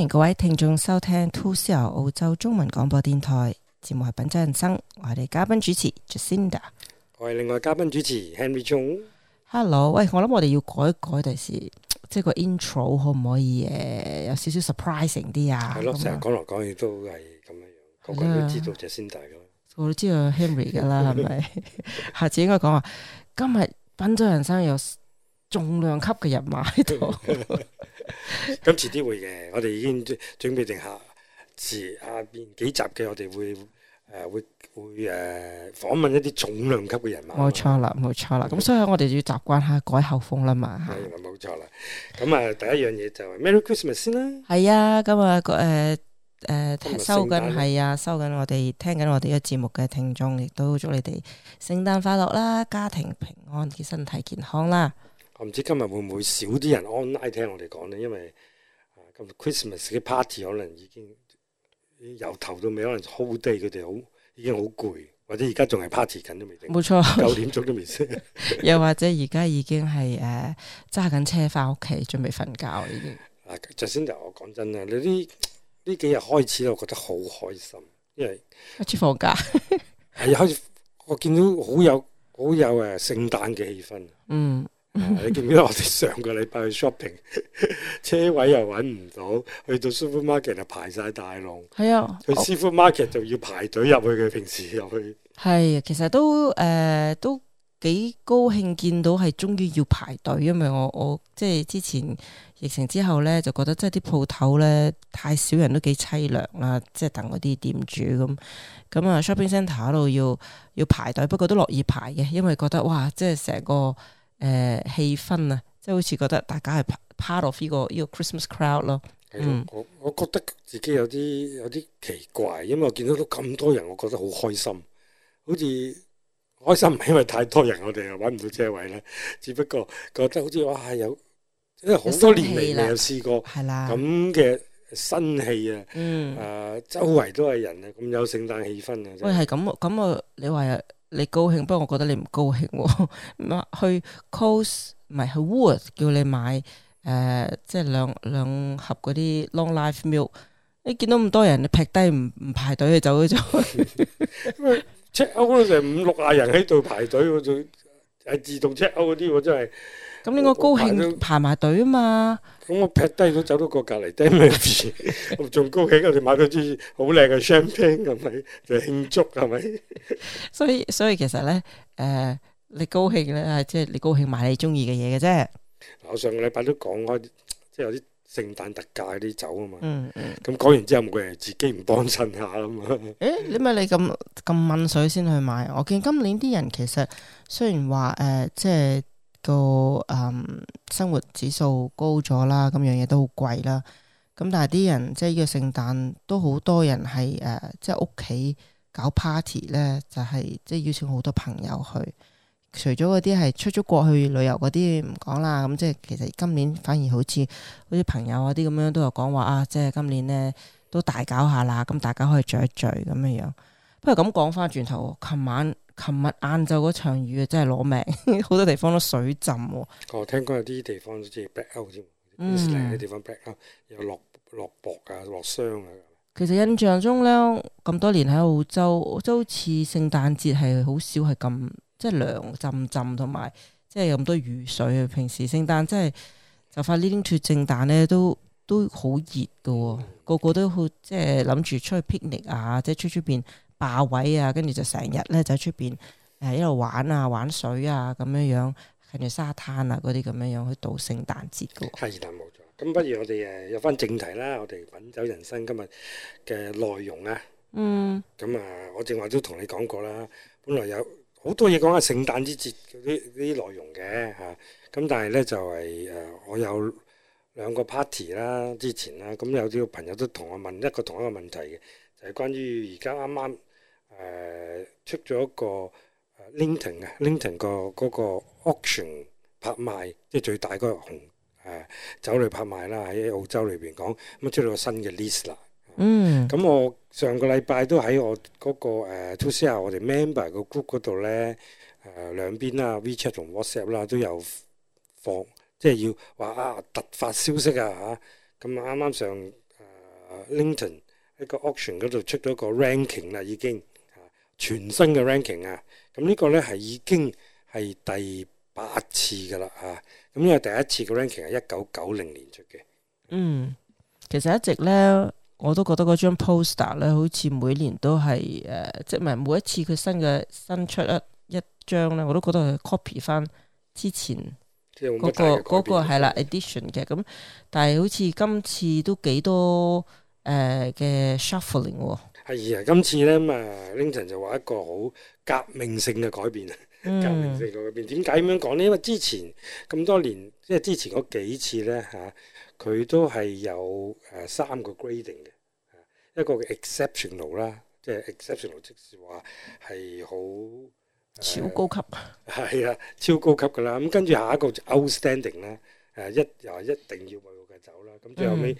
歡迎各位聽眾收聽 2CR 澳洲中文廣播電台節目《品酒人生》，我哋嘉賓主持 Jacinda，我係另外嘉賓主持 HenryChung。Hello，喂，我諗我哋要改一改一時，第時即係個 intro 可唔可以誒、呃，有少少 surprising 啲啊？係咯的，成日講嚟講去都係咁樣樣，說說個個都知道 Jacinda 噶啦，我都知道 Henry 噶啦，係咪？ 下次應該講話今日《品酒人生》有重量級嘅人馬喺度。 今 遲啲會嘅，我哋已經準備定下，遲下邊幾集嘅，我、呃、哋會誒會會誒、呃、訪問一啲重量級嘅人物。冇錯啦，冇錯啦，咁、嗯、所以我哋要習慣下改口風啦嘛。係啦，冇錯啦。咁啊，第一樣嘢就係 Merry Christmas 先啦。係啊，今日誒誒收緊係啊，收緊我哋聽緊我哋嘅節目嘅聽眾，亦都祝你哋聖誕快樂啦，家庭平安，嘅身體健康啦。唔知今日會唔會少啲人 online 聽我哋講呢？因為啊，今 Christmas 嘅 party 可能已經由頭到尾，可能好低，佢哋好已經好攰，或者而家仲係 party 緊都未定。冇錯，九點鐘都未息。 又或者而家已經係誒揸緊車翻屋企，準備瞓覺已經。啊，首先就我講真啦，你啲呢幾日開始，我覺得好開心，因為開始放假係開始， 我見到好有好有誒聖誕嘅氣氛，嗯。 你記唔記得我哋上個禮拜去 shopping， 車位又搵唔到，去到 Supermarket 就排晒大龍。係啊，去 Supermarket 就要排隊入去嘅，平時入去。係，其實都誒、呃、都幾高興見到係終於要排隊，因為我我即係之前疫情之後咧，就覺得即係啲鋪頭咧太少人都幾淒涼啦，即係等嗰啲店主咁咁啊，shopping centre 嗰度要要排隊，不過都樂意排嘅，因為覺得哇，即係成個。誒、呃、氣氛啊，即係好似覺得大家係 part of 呢個呢個 Christmas crowd 咯。的嗯、我我覺得自己有啲有啲奇怪，因為我見到咁多人，我覺得好開心，好似開心唔係因為太多人我，我哋又搵唔到車位咧。只不過覺得好似哇，有因為好多年嚟未有試過咁嘅新氣啊！嗯，啊、呃，周圍都係人啊，咁有聖誕氣氛啊。喂，係咁啊，咁啊、嗯，你話啊？你高興，不過我覺得你唔高興喎。 去 Coast 唔係去 Wood 叫你買誒、呃，即係兩兩盒嗰啲 Long Life Milk，哎。你見到咁多人，你劈低唔唔排隊去走咗 check out 成五六廿人喺度排隊喎，仲係自動 check out 嗰啲喎，真係～咁你我高興排埋隊啊嘛！咁我劈低咗走到個隔籬，仲高興我哋買咗支好靚嘅香檳，咁咪就慶祝係咪？所以所以其實咧，誒、呃，你高興咧，係即係你高興買你中意嘅嘢嘅啫。我上個禮拜都講開，即係有啲聖誕特價啲酒啊嘛。咁講完之後，冇人自己唔幫襯下啊嘛。誒， 你咪你咁咁掹水先去買。我見今年啲人其實雖然話誒、呃，即係。呃即 個誒，生活指數高咗啦，咁樣嘢都好貴啦。咁但係啲人即係呢個聖誕都好多人係誒，即係屋企搞 party 咧，就係即係邀請好多朋友去。除咗嗰啲係出咗國去旅遊嗰啲唔講啦，咁即係其實今年反而好似好似朋友啊啲咁樣都有講話啊，即係今年咧都大搞下啦，咁大家可以聚一聚咁嘅樣。不如咁講翻轉頭，琴晚、琴日晏晝嗰場雨啊，真係攞命，好多地方都水浸喎。我、哦、聽講有啲地方都似 blackout 添，有、嗯、落落雹啊，落霜啊。其實印象中咧，咁多年喺澳洲，澳洲好似聖誕節係好少係咁，即、就、係、是、涼浸浸，同埋即係咁多雨水啊。平時聖誕即係就快、是、呢啲脫聖誕咧，都都好熱嘅、哦，嗯、個個都好即係諗住出去 picnic 啊，即、就、係、是、出去出邊。霸位啊，跟住就成日咧就喺出邊誒一路玩啊玩水啊咁樣啊樣，跟住沙灘啊嗰啲咁樣樣去度聖誕節嘅。係但冇錯，咁不如我哋誒入翻正題啦，我哋品酒人生今日嘅內容啊。嗯。咁啊，我正話都同你講過啦，本來有好多嘢講下聖誕節節嗰啲啲內容嘅吓，咁但係咧就係、是、誒我有兩個 party 啦，之前啦，咁有啲朋友都同我問一個同一個問題嘅，就係、是、關於而家啱啱。誒出咗個 Langton's 啊，Langton's 個、嗰個 auction 拍賣，即係最大嗰個紅酒類拍賣啦。喺澳洲裏邊講咁，出咗個新嘅 list 啦。Mm. 嗯，咁、嗯、我上個禮拜都喺我嗰、嗰個 To s、呃、我哋 member 個 group 嗰度咧誒兩邊啦，WeChat 同 WhatsApp 啦都有放，即係要話啊，突發消息啊嚇！咁啱啱上、呃、Langton's 一個 auction 嗰度出咗個 ranking 啦，已經。全新嘅 ranking 啊，咁、這、呢個呢係已經係第八次㗎喇吓，咁因為第一次嘅 ranking 係一九九零年出嘅。嗯，其實一直呢，我都覺得嗰張 poster 呢好似每年都係誒、呃，即係唔係每一次佢新嘅新出一一張呢，我都覺得佢 copy 翻之前嗰、嗰個嗰係、嗰個嗰個、啦，edition 嘅咁，但係好似今次都幾多誒嘅、呃、shuffling 喎。哎呀，今次咧咁啊 Langton's 就話一個好革命性嘅改變，革命性嘅改變，點解咁樣講呢？因為之前咁多年，即係之前嗰幾次咧嚇，佢都係有誒三個 grading 嘅，一個 exceptional 啦，即係 exceptional，即是話係好超高級，係啊，超高級㗎啦。咁跟住下一個就 outstanding 啦，誒一又一定要為我嘅啦。咁最後尾。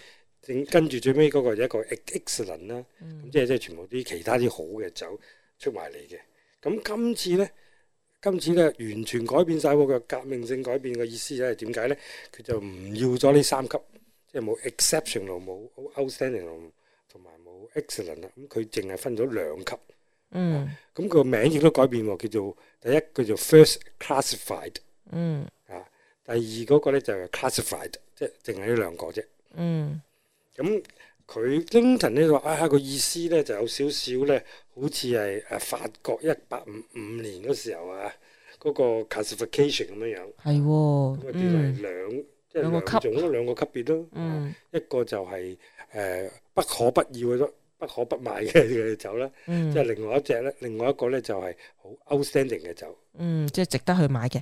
跟住最尾嗰個就一個 excellent 啦、嗯，咁即係即係全部啲其他啲好嘅酒出埋嚟嘅。咁今次呢，今次呢完全改變晒喎，個革命性改變嘅意思就係點解呢？佢就唔要咗呢三級，即係冇 exceptional 冇 outstanding 同埋冇 excellent 啦。咁佢淨係分咗兩級。嗯，咁佢個、啊、名亦都改變喎，叫做第一叫做 first classified。嗯，啊，第二嗰個咧就係 classified，即係淨係呢兩個啫。嗯。咁佢蘭頓呢個，啊，個意思咧就有少少咧，好似係誒法國一八五五年嗰時候啊，嗰個 classification 咁樣樣。係喎，咁啊叫做兩，即係兩個級，總之兩個級別咯。嗯，一個就係、是、誒、呃嗯、不可不要嘅都不可不買嘅酒啦。即係另外一隻咧，另外一個咧就係好 outstanding 嘅酒。嗯，即係值得去買嘅。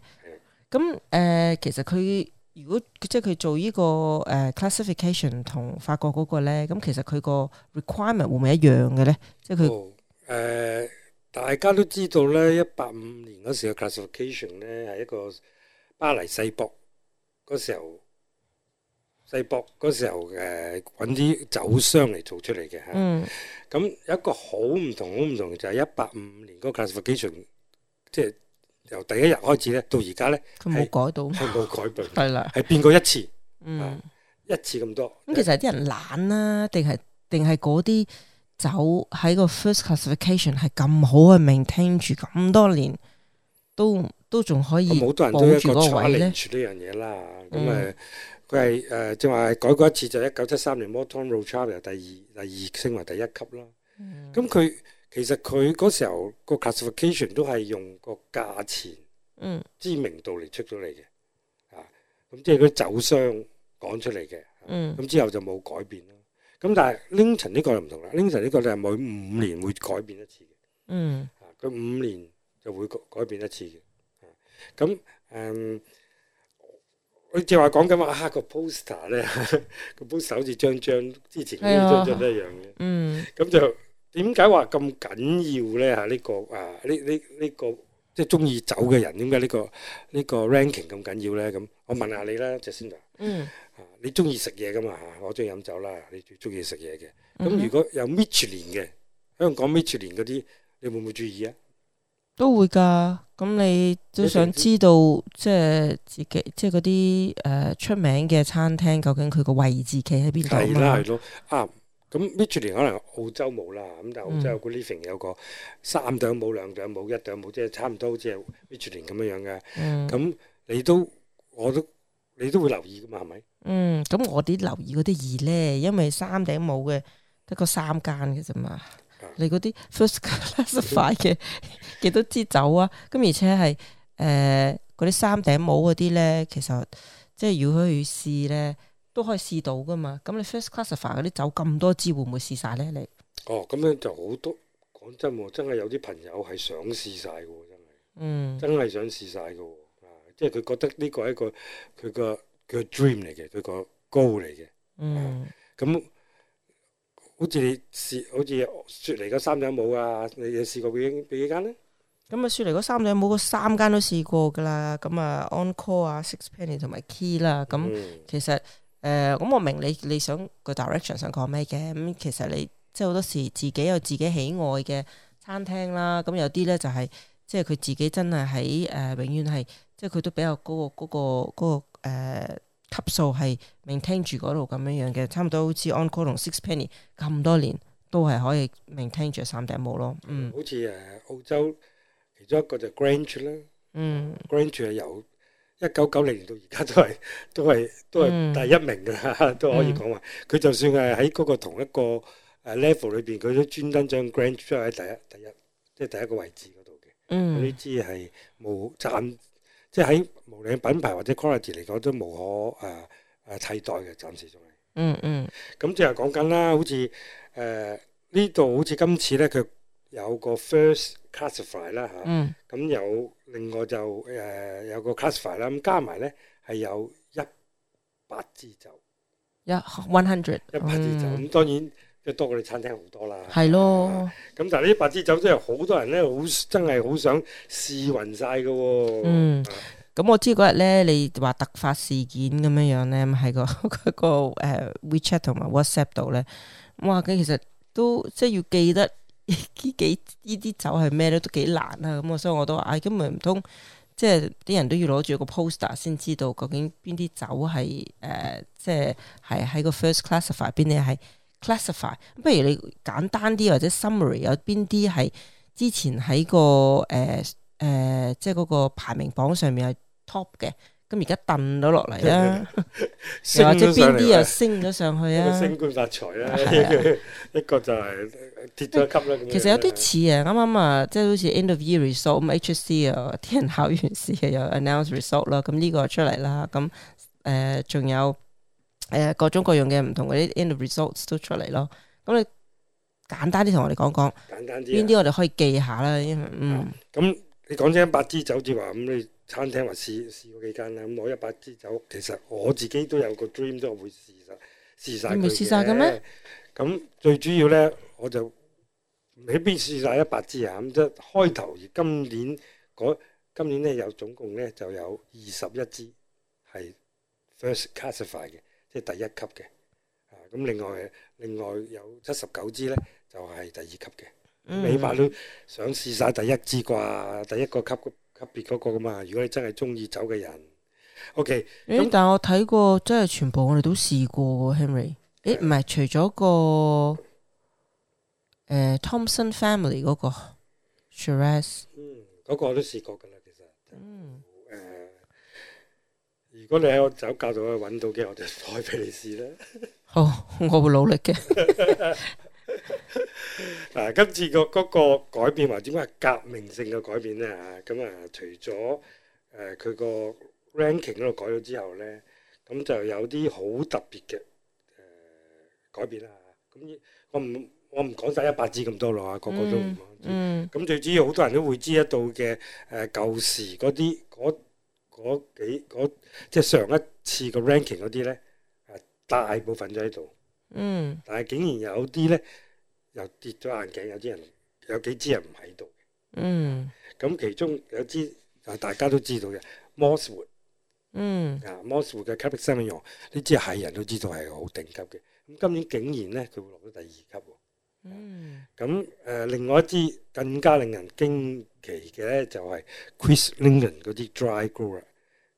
咁誒、嗯呃，其實佢。如果即係佢做依個誒 classification 同法國嗰個咧，咁其實佢個 requirement 會唔會一樣嘅咧？即係佢誒大家都知道咧，一八五五年嗰時嘅 classification 咧係一個巴黎世博嗰時候世博嗰時候誒揾啲酒商嚟做出嚟嘅嚇。咁一個好唔同好唔同就係一八五五年個 classification 即係。由第一日開始咧，到而家咧，佢冇改到，冇改變，係變, 變過一次，嗯、啊，一次咁多。咁、嗯、其實啲人懶啦、啊，定係定係嗰啲酒喺個 first classification 係咁好去 maintain 住咁多年，都都仲可以保持嗰個位咧。呢樣嘢啦，咁、嗯嗯、啊，佢係誒即係話改過一次，就係一九七三年 Mouton Rothschild 第二，第二，第二升為第一級啦。咁佢。其實佢嗰時候個 classification 都係用個價錢、嗯知名度嚟出咗嚟嘅，啊咁即係佢啲酒商講出嚟嘅，嗯咁之後就冇改變咯。咁但係蘭頓呢個就唔同啦，蘭頓呢個你係每五年會改變一次嘅，嗯啊佢五年就會改改變一次嘅，啊咁誒，我即係話講緊話啊個 poster 咧，佢本手字張張之前，張張都一樣嘅，嗯咁就。點解話咁緊要咧？嚇、啊、呢、這個啊呢呢呢個即係中意酒嘅人，點解呢個呢、這個 ranking 咁緊要咧？咁我問下你啦 Jacinda、嗯啊，嗯，啊你中意食嘢噶嘛？嚇我中意飲酒啦，你最中意食嘢嘅。咁、嗯、哼如果有 Michelin 嘅香港 Michelin 嗰啲，你會唔會注意啊？都會噶。咁你都想知道，吃吃即係自己即係嗰啲誒出名嘅餐廳，究竟佢個位置企喺邊度啊？係啦，係咯，啱。咁 Michelin 可能澳洲冇啦，咁但係澳洲嗰 living 有個三頂帽、嗯、兩頂帽、一頂帽，即係差唔多好似 Michelin 咁樣樣嘅。咁、嗯、你都我都你都會留意嘅嘛，係咪？嗯，咁我啲留意嗰啲二咧，因為三頂帽嘅得個三間嘅啫嘛。啊、你嗰啲 first class s 快嘅幾多支酒啊？咁而且係誒嗰啲三頂帽嗰啲咧，其實即係如果去試咧。都可以試到噶嘛？咁你 First Classifier 啲酒咁多支，會唔會試晒咧？你哦，咁樣就好多。講真喎，真係有啲朋友係想試晒嘅，真係。嗯。真係想試晒嘅，即係佢覺得呢個係一個佢個佢 dream 嚟嘅，佢個 goal 嚟嘅。嗯。咁、嗯、好似你試，好似雪梨嗰三頂帽啊，你有試過幾幾間咧？咁啊，雪梨嗰三頂帽，我三間都試過㗎啦。咁啊，Oncore 啊，Six Penny 同埋 Key 啦。咁其實。嗯嗯誒，咁、呃嗯、我明你你想、個 direction 想講咩嘅咁，其實你即係好多時自己有自己喜愛嘅餐廳啦。咁、嗯、有啲咧就係、是、即係佢自己真係喺誒，永遠係即係佢都比較高、個嗰、個嗰個誒級數係 maintain 住嗰度咁樣樣嘅，差唔多好似 Uncle 同 Six Penny 咁多年都係可以 maintain 住三頂帽咯。嗯，好似誒澳洲其中一個就 Grange 啦，嗯，Grange 係有。一九九零年到而家都係都係都係第一名㗎啦，都可以講話。佢、mm hmm. 就算係喺嗰個同一個 level 裏邊，佢都專登將 Grange 出喺第一第一，即係第一個位置嗰度嘅。嗯、mm，呢支係無暫，即係喺無論品牌或者 quality 嚟講都無可誒誒替代嘅，暫時仲係、mm hmm. 嗯。嗯嗯。咁即係講緊啦，好似誒呢度好似今次咧佢。有個 first classify 啦嚇，咁有另外就誒有個 classify 啦，咁加埋咧係有一百支酒，一 one hundred 一百支酒，咁當然即係多過你餐廳好多啦。係咯，咁但係呢百支酒真係好多人咧，好真係好想試勻晒㗎喎。嗯，咁我知嗰日咧你話突發事件咁樣樣咧，喺個個誒 WeChat 同埋 WhatsApp 度咧，哇！佢其實都即係要記得。呢幾呢啲酒係咩咧？都幾難呀，咁我所以我都話，唉，今日唔通，即係啲人都要攞住個 poster 先知道究竟邊啲酒係誒、呃，即係係喺個 first classify 邊啲係 classify。不如你簡單啲或者 summary 有邊啲係之前喺個誒誒、呃呃，即係個排名榜上面係 top 嘅。咁而家燉到落嚟啦， 或者邊啲又升咗上去啊？升官發財啊！ 一個就係跌咗級啦。其實有啲似啊，啱啱啊，即係好似 end of year result，HSC 啊，啲人考完試又 announce result 啦，咁呢個出嚟啦，咁誒仲有誒各種各樣嘅唔同嗰啲 end of results 都出嚟咯。咁你簡單啲同我哋講講，邊啲、啊、我哋可以記下啦。嗯，咁、啊、你講聲百枝酒字話咁你。餐廳或試試過幾間啦，咁、嗯、攞一百支走。其實我自己都有個 dream，都會試晒。試晒？你未試晒嘅咩？咁最主要呢，我就未必試晒一百支啊。咁即係開頭而今年嗰今年呢有總共呢就有二十一支係 first classify 嘅，即係第一級嘅。咁另外另外有七十九支呢，就係第二級嘅。起碼都想試晒第一支啩，第一個級嘅級別嗰個噶嘛，如果你真係中意走嘅人，OK。咁但係我睇過， 真係全部我哋都試過 Henry 誒，唔係， 欸、除咗、那個誒、呃、Thompson family 嗰、那個 Shiraz 嗰、嗯那個我都試過噶啦，其實。嗯。誒、呃，如果你喺我酒窖度可以搵到嘅，我就開俾你試啦。好， 我會努力嘅。 嗱， 今次個、嗰個改變或點解係革命性嘅改變呢？啊，咁啊，除咗佢個 ranking 嗰度改咗之後呢，咁就有啲好特別嘅、呃、改變啦。咁、嗯、我唔我唔講晒一百支咁多咯，啊，個個都唔講。咁、嗯嗯、最主要好多人都會知得到嘅誒，舊時嗰啲嗰嗰幾即係上一次個 ranking 嗰啲呢，大部分都喺度。嗯，但係竟然有啲咧又跌咗眼鏡，有啲人有幾支人唔喺度嗯，咁其中有支大家都知道嘅 Mosswood。Wood, 嗯，啊、嗯、Mosswood 嘅 Cabernet Sauvignon 呢支係人都知道係好頂級嘅。咁今年竟然咧，佢落到第二級喎。咁誒、嗯嗯、另外一支更加令人驚奇嘅咧，就係、是、Chris Ringland 嗰支 Dry Grown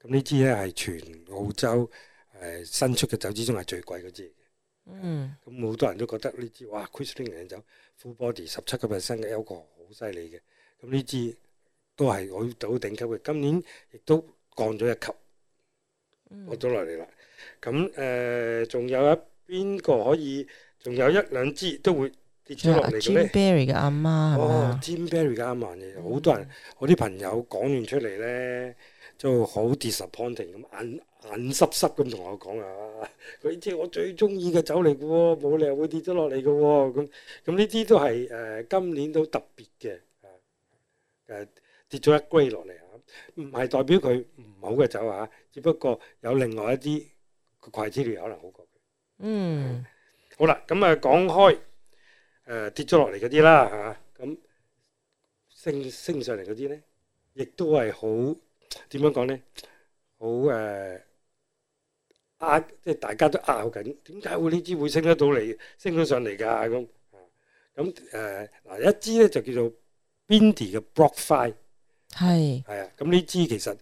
咁呢支咧係全澳洲誒新出嘅酒之中係最貴嗰支。嗯，咁好多人都覺得呢支哇，Chris Ringland 洋酒 Full Body 十七個 percent 嘅 alcohol，好犀利嘅，咁呢支都係好到頂級嘅，今年亦都降咗一級，我咗落嚟啦。咁誒，仲、呃、有一邊個可以，仲有一兩支都會跌咗落嚟嘅咧。Jim Barry 嘅阿媽，媽哦係嘛？Jim Barry 嘅阿嫲嘅，好多人、嗯、我啲朋友講完出嚟咧，就好 disappointing 咁眼濕濕咁同我講啊，佢即係我最中意嘅酒嚟嘅喎，冇理由會跌咗落嚟嘅喎，咁咁呢啲都係誒、呃、今年都特別嘅，誒跌咗一 grade 落嚟啊，唔、啊、係、啊、代表佢唔好嘅酒啊。只不過有另外一啲貴啲料可能好過。嗯，好啦，咁啊講開誒跌咗落嚟嗰啲啦嚇，咁、啊啊啊、升升上嚟嗰啲咧，亦都係好點樣講咧？好誒。啊啊！即係大家都拗緊，點解會呢支會升得到嚟，升咗上嚟㗎？咁啊，咁誒，嗱一支咧就叫做 Bindi 嘅 Block Five 係，係啊！咁呢支其實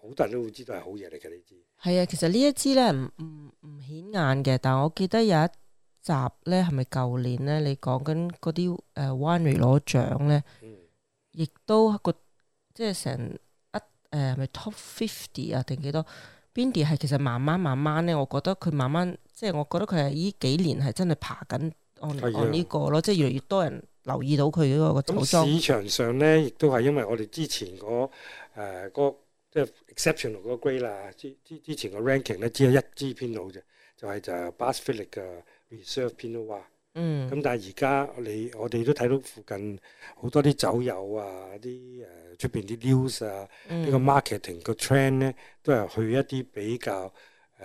好多人都會知道係好嘢嚟嘅，呢支係啊！其實呢一支咧唔唔唔，顯眼嘅，但我記得有一集咧係咪舊年咧你講緊嗰啲誒 Winery 攞獎咧，嗯，亦都係個即係成一誒，係咪 Top Fifty 啊定幾多？邊啲係其實慢慢慢慢咧，我覺得佢慢慢即係我覺得佢係依幾年係真係爬緊我哋按呢、這個咯，即係越嚟越多人留意到佢嗰個酒莊。咁、嗯、市場上咧，亦都係因為我哋之前嗰誒、呃、即係 exceptional 嗰 grade 啦，之之前個 ranking 咧只有一支編號啫，就係就 Bass Phillip 嘅 reserve 編號啊。嗯，咁但係而家你我哋都睇到附近好多啲酒友啊，啲誒出邊啲 news 啊，嗯、個呢個 marketing 個 trend 咧都係去一啲比較誒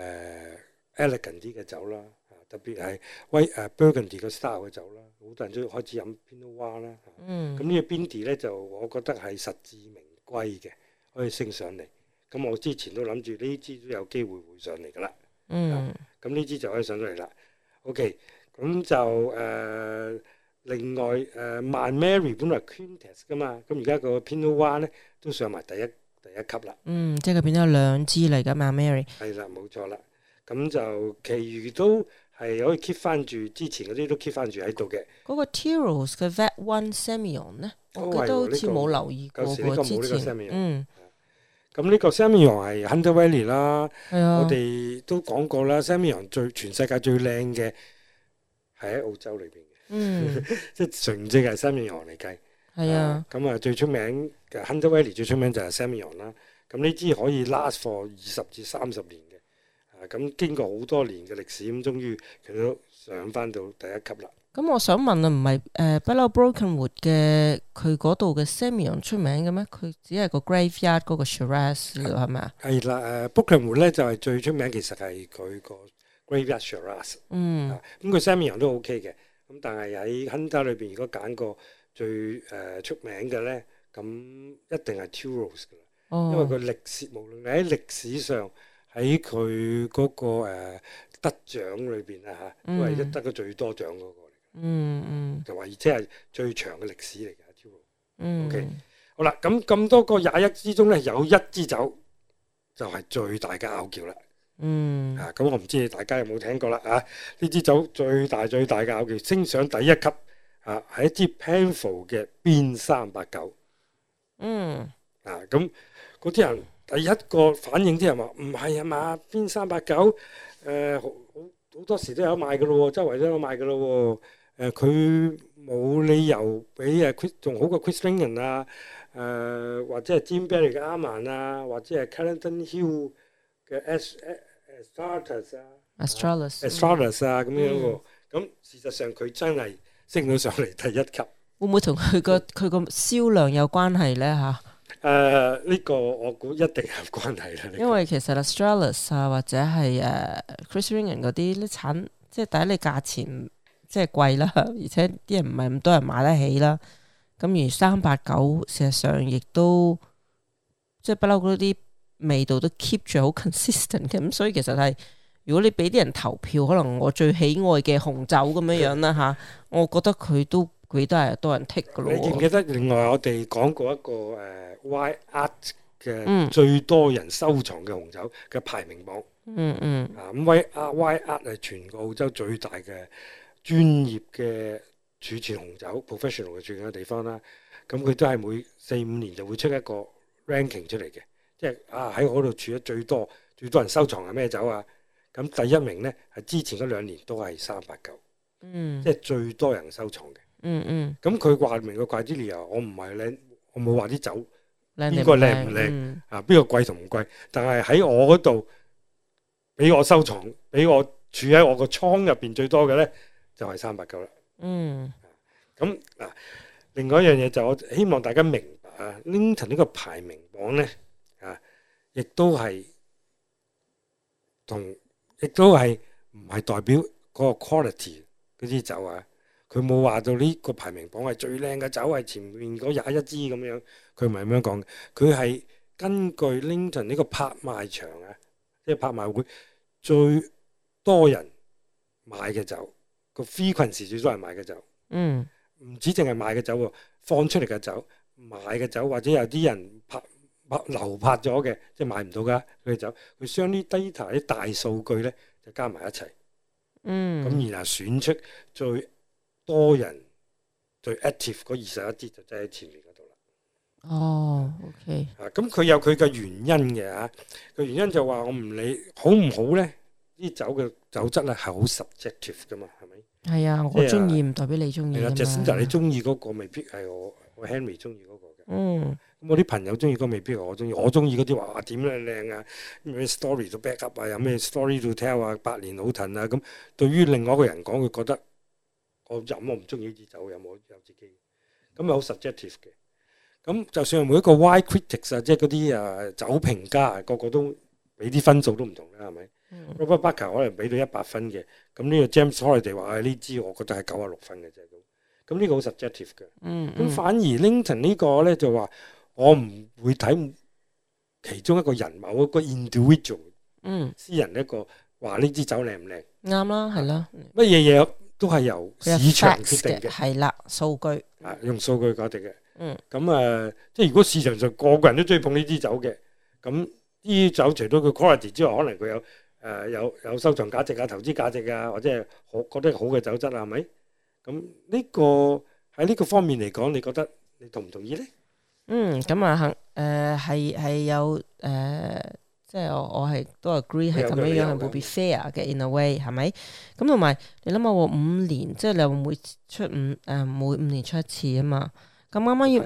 elegant 啲嘅酒啦，特別係威誒、呃、Burgundy 個 style 嘅酒啦，好多人都開始飲 Pinot Noir 啦、啊。咁、嗯嗯、呢個 Bindi 咧就我覺得係實至名歸嘅，可以升上嚟。咁我之前都諗住呢支都有機會會上嚟㗎啦。嗯，咁呢支就可以上到嚟啦。OK。咁就誒、呃、另外 Mount Mary 本來 Quintess 噶嘛，咁而家個 Pinot Noir 咧都上埋第一第一級啦。嗯，即係佢變咗兩支嚟㗎，Mount Mary 係啦，冇錯啦。咁就其餘都係可以 keep 翻住，之前嗰啲都 keep 翻住喺度嘅。嗰個 Tyrrell's 嘅 Vat 1 Semillon 咧，呢哦、我都好似冇留意呢 s 過喎之前。這個這個、嗯，咁呢個 Semillon 係 Hunter Valley 啦，啊、我哋都講過啦，Semillon 最全世界最靚嘅。係喺澳洲裏邊嘅，即係 純正係 Semillon 嚟計，係啊。咁啊、嗯、最出名嘅 Hunter Valley 最出名就係 Semillon 啦。咁呢支可以 last for 二十至三十年嘅，咁、啊嗯、經過好多年嘅歷史，咁終於佢都上翻到第一級啦。咁我想問、呃、h，啊，唔係誒不嬲 Broken Wood 嘅佢嗰度嘅 Semillon 出名嘅咩？佢只係個 Graveyard 嗰個 Shiraz 係咪啊？係、嗯、啦，誒 Broken Wood 咧就係最出名，其實係佢個。Great Bashaurus，嗯，咁佢 Sammy 都 OK 嘅，咁但係喺亨特裏邊，如果揀個最誒、呃、出名嘅咧，咁一定係 Taurus 嘅，哦，因為佢歷史無論喺歷史上喺佢嗰個、呃、得獎裏邊啊嚇，都係一得咗最多獎嗰個嚟嘅，嗯嗯，就話而且係最長嘅歷史嚟嘅 Taurus，OK 好啦，咁咁多個廿一之中咧，有一支酒就係最大嘅拗撬啦。嗯，啊，咁我唔知大家有冇聽過啦，啊，呢支酒最大最大嘅，我叫升上第一級，啊，係一支 Penfolds 嘅 Bin 三八九，嗯，啊，咁嗰啲人第一個反應啲人話唔係啊嘛 Bin 三八九，誒，好，好，好多時都有賣嘅咯喎，周圍都有賣嘅咯喎，誒，佢冇理由俾誒，仲好過 Chris Ringland 啊，誒，或者係 Jim Barry 嘅阿曼啊，或者係 Clarendon Hill 嘅 S。Astralis Astralis 啊，咁樣，咁事實上佢真係升到上嚟第一級，會唔會同佢個佢個銷量有關係咧吓？誒 啊，呢、這個我估一定有關係啦。因為其實 Astralis 啊，或者係誒、uh, Chris Ringland 嗰啲啲產，即係第一，你價錢即係貴啦，而且啲人唔係咁多人買得起啦。咁而三八九，事實上亦都即係不嬲嗰啲。味道都 keep 住好 consistent 嘅，咁所以其實係如果你俾啲人投票，可能我最喜愛嘅紅酒咁樣樣啦吓， 我覺得佢都佢都係多人 tick 嘅咯。你記唔記得另外我哋講過一個誒 Yat 嘅最多人收藏嘅紅酒嘅排名榜？嗯嗯啊，咁 Yat Yat 係全澳洲最大嘅專業嘅儲存紅酒、嗯、professional 嘅儲存嘅地方啦。咁、嗯、佢、嗯、都係每四五年就會出一個 ranking 出嚟嘅。即係啊，喺我度儲得最多、最多人收藏係咩酒啊？咁第一名呢，係之前嗰兩年都係三百九，嗯，即係最多人收藏嘅，嗯嗯，嗯。咁佢話明個怪之烈啊，我唔係靚，我冇話啲酒邊個靚唔靚啊，邊個貴同唔貴，但係喺我嗰度俾我收藏、俾我儲喺我個倉入邊最多嘅呢，就係三百九啦，嗯，嗯。咁嗱，另外一樣嘢就我希望大家明白啊，Langton 呢個排名榜呢。亦都係同，亦都係唔係代表嗰個 quality 嗰啲酒啊？佢冇話到呢個排名榜係最靚嘅酒係前面嗰廿一支咁樣，佢唔係咁樣講。佢係根據 Linton 呢個拍賣場啊，即係拍賣會最多人買嘅酒，個 frequency 最多人買嘅酒。嗯，唔止淨係買嘅酒喎，放出嚟嘅酒、買嘅酒或者有啲人。拍流拍咗嘅，即係買唔到㗎。佢就，佢將啲 data 啲大數據咧，就加埋一齊。嗯。咁然後選出最多人、嗯、最 active 嗰二十一支就即係喺前面嗰度啦。哦，OK。啊，咁佢有佢嘅原因嘅嚇。個原因就話我唔理好唔好咧，啲酒嘅酒質咧係好 subjective 㗎嘛，係咪？係啊，我中意唔代表你中意。係啊，即使係你中意嗰個，未必係我我 Henry 中意嗰個嘅。嗯。咁我啲朋友中意嗰個未必我中意，我中意嗰啲話點樣靚啊？咩 story、啊、to back up 啊？有咩 story to tell 啊？百年老藤啊，咁、嗯、對於另外一個人講，佢覺得我飲我唔中意呢支酒，有冇有自己咁係好 subjective 嘅。咁、嗯嗯、就算每一個 wine critics 啊，即係嗰啲誒酒評家，個個都俾啲分數都唔同啦，係咪、嗯、？Robert Parker 可能俾到一百分嘅，咁、嗯、呢個 James Halliday 話，呢、啊、支我覺得係九啊六分嘅啫。咁咁呢個好 subjective 嘅。咁、嗯、反而 Langton's 呢個咧就話。我唔會睇其中一個人某一個 individual，嗯，私人一個話呢支酒靚唔靚？啱啦，係啦。乜嘢嘢都係由市場決定嘅，係啦，數據啊，用數據決定嘅。嗯。咁誒，即係如果市場上個個人都追捧呢支酒嘅，咁呢支酒除咗佢 quality 之外，可能佢有誒有有收藏價值啊、投資價值啊，或者係好覺得好嘅酒質啊，係咪？咁呢個喺呢個方面嚟講，你覺得你同唔同意咧？嗯，咁啊，誒係係有誒、呃，即係我我係都 agree 係咁有樣樣係冇變 fair 嘅 in a way 係咪？咁同埋你諗下，五年即係你話每出五誒、呃、每五年出一次啊嘛。咁啱啱要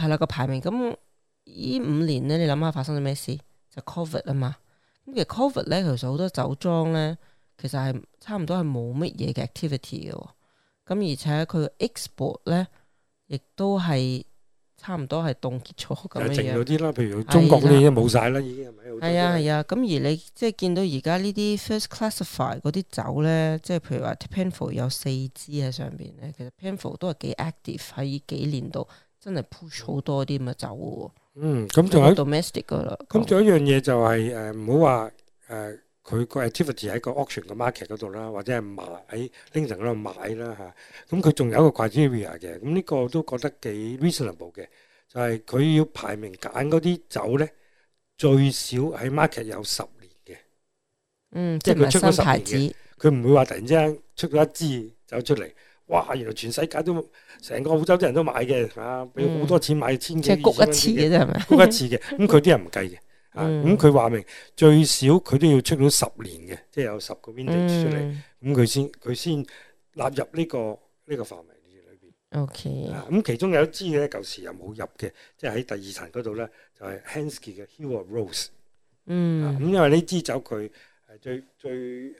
係啦個排名，咁呢、啊、五年咧，你諗下發生咗咩事？就是、covid 啊嘛。咁其實 covid 咧，其實好多酒莊咧，其實係差唔多係冇乜嘢嘅 activity 嘅。咁而且佢 export 咧，亦都係。差唔多係凍結咗咁、嗯、樣樣。有啲啦，譬如中國嗰啲已經冇晒啦，哎、呀已經係咪？係啊係啊，咁而你即係見到而家呢啲 first classify 嗰啲酒咧，即係譬如話 Penfold 有四支喺上邊咧，其實 Penfold 都係幾 active 喺幾年度真係 push 好多啲咁嘅酒喎、嗯。嗯，咁、嗯、仲 dom 有 domestic 㗎啦。咁仲說有一樣嘢就係誒唔好話誒。呃呃呃佢個 activity 喺個 auction 嘅 market 嗰度啦，或者係買，喺 listing 嗰度買啦嚇。咁佢仲有一個 criteria 嘅，咁呢個都覺得幾 reasonable 嘅，就係佢要排名揀嗰啲酒咧，最少喺 market 有十年嘅。嗯，即係佢出咗十年嘅，佢唔會話突然之間出咗一支走出嚟，哇！原來全世界都成個澳洲啲人都買嘅，啊，俾好多錢買千幾。即係焗一次嘅啫係咪？焗 一次嘅，咁佢啲人唔計嘅。 啊，咁佢話明最少佢都要出到十年嘅，即係有十個 vintage 出嚟，咁佢先佢先納入呢、這個呢、這個範圍裏邊。O K. 咁其中有一支嘅舊時又冇入嘅，即係喺第二層嗰度咧，就係、是、Henschke 嘅 Hill of Roses。嗯。咁因為呢支酒佢係最最誒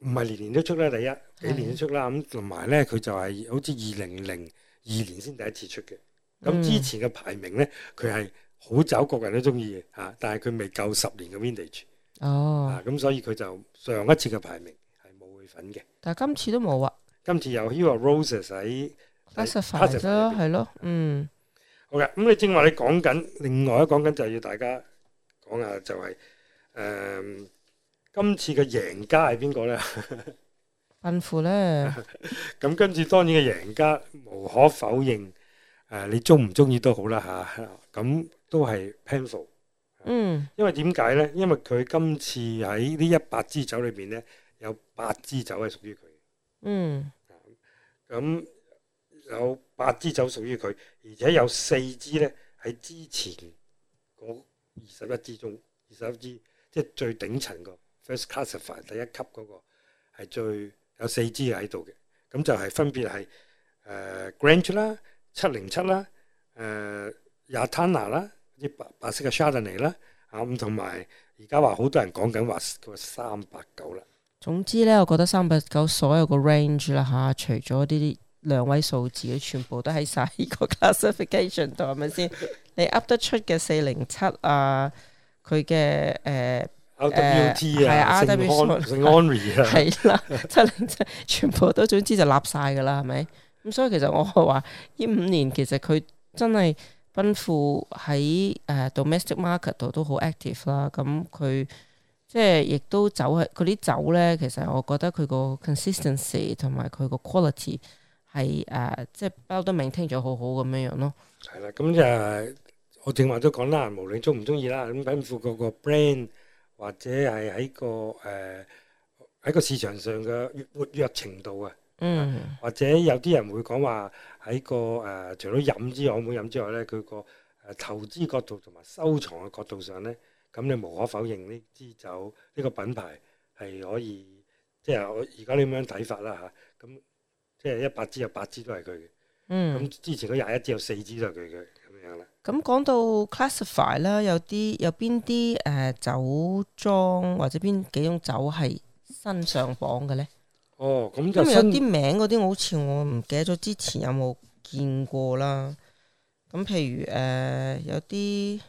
唔係年年都出啦，第一幾年都出啦，咁同埋咧佢就係好似二零零二年先第一次出嘅，咁、嗯、之前嘅排名咧佢係。好酒，各人都中意嚇，但係佢未夠十年嘅 vintage 哦，咁、啊、所以佢就上一次嘅排名係冇會份嘅，但係今次都冇啊！今次又呢個 r o s e 喺 passage 啦，係咯。嗯，嗯，好嘅，咁你正話你講緊，另外一講緊就要大家講下就係、是、誒、嗯，今次嘅贏家係邊個咧？奔富咧，咁 今次當然嘅贏家無可否，否認，誒、啊、你中唔中意都好啦嚇。啊啊咁都係 Penfolds，嗯，因為點解呢？因為佢今次喺呢一百支酒裏邊呢，有八支酒係屬於佢，嗯,嗯，咁有八支酒屬於佢，而且有四支呢，喺之前嗰二十一支中二十一支，即係最頂層個 first classifier 第一級嗰個係最有四支喺度嘅。咁就係分別係誒 Grange 啦、七零七啦、誒、呃。Yattarna 啦，啲白白色嘅 Chardonnay 啦，啊咁同埋而家話好多人講緊話過三八九啦。總之咧，我覺得三八九所有個 range 啦吓，除咗呢啲兩位數字，佢全部都喺晒呢個 classification 度，係咪先？你 up 得出嘅四零七啊，佢嘅誒誒係啊，RWT 啊，St Henri 啊，係啦，七零七全部都總之就立晒噶啦，係咪？咁所以其實我係話，呢五年其實佢真係。奔富喺誒 domestic market 度都好 active 啦、啊，咁佢即係亦都走係啲酒咧，其實我覺得佢個 consistency 同埋佢個 quality 係誒、啊，即係包得 maintain 咗好好咁樣樣咯。係啦，咁就我正話都講啦，無論中唔中意啦，咁奔富嗰個 brand 或者係喺個誒喺、呃、個市場上嘅活躍程度啊。嗯，或者有啲人會講話喺個誒、呃，除咗飲之外，我冇飲之外咧，佢個誒投資角度同埋收藏嘅角度上咧，咁你無可否認呢支酒呢、呢個品牌係可以，即係我而家你咁樣睇法啦吓，咁、啊、即係一百支有八支都係佢嘅，咁、嗯、之前嗰廿一支有四支都係佢嘅咁樣啦、嗯。咁講到 classify 啦，有啲有邊啲誒酒莊或者邊幾種酒係新上榜嘅咧？ 哦，咁就因為有啲名嗰啲，我好似我唔記得咗之前有冇見過啦。咁譬如誒、呃、有啲，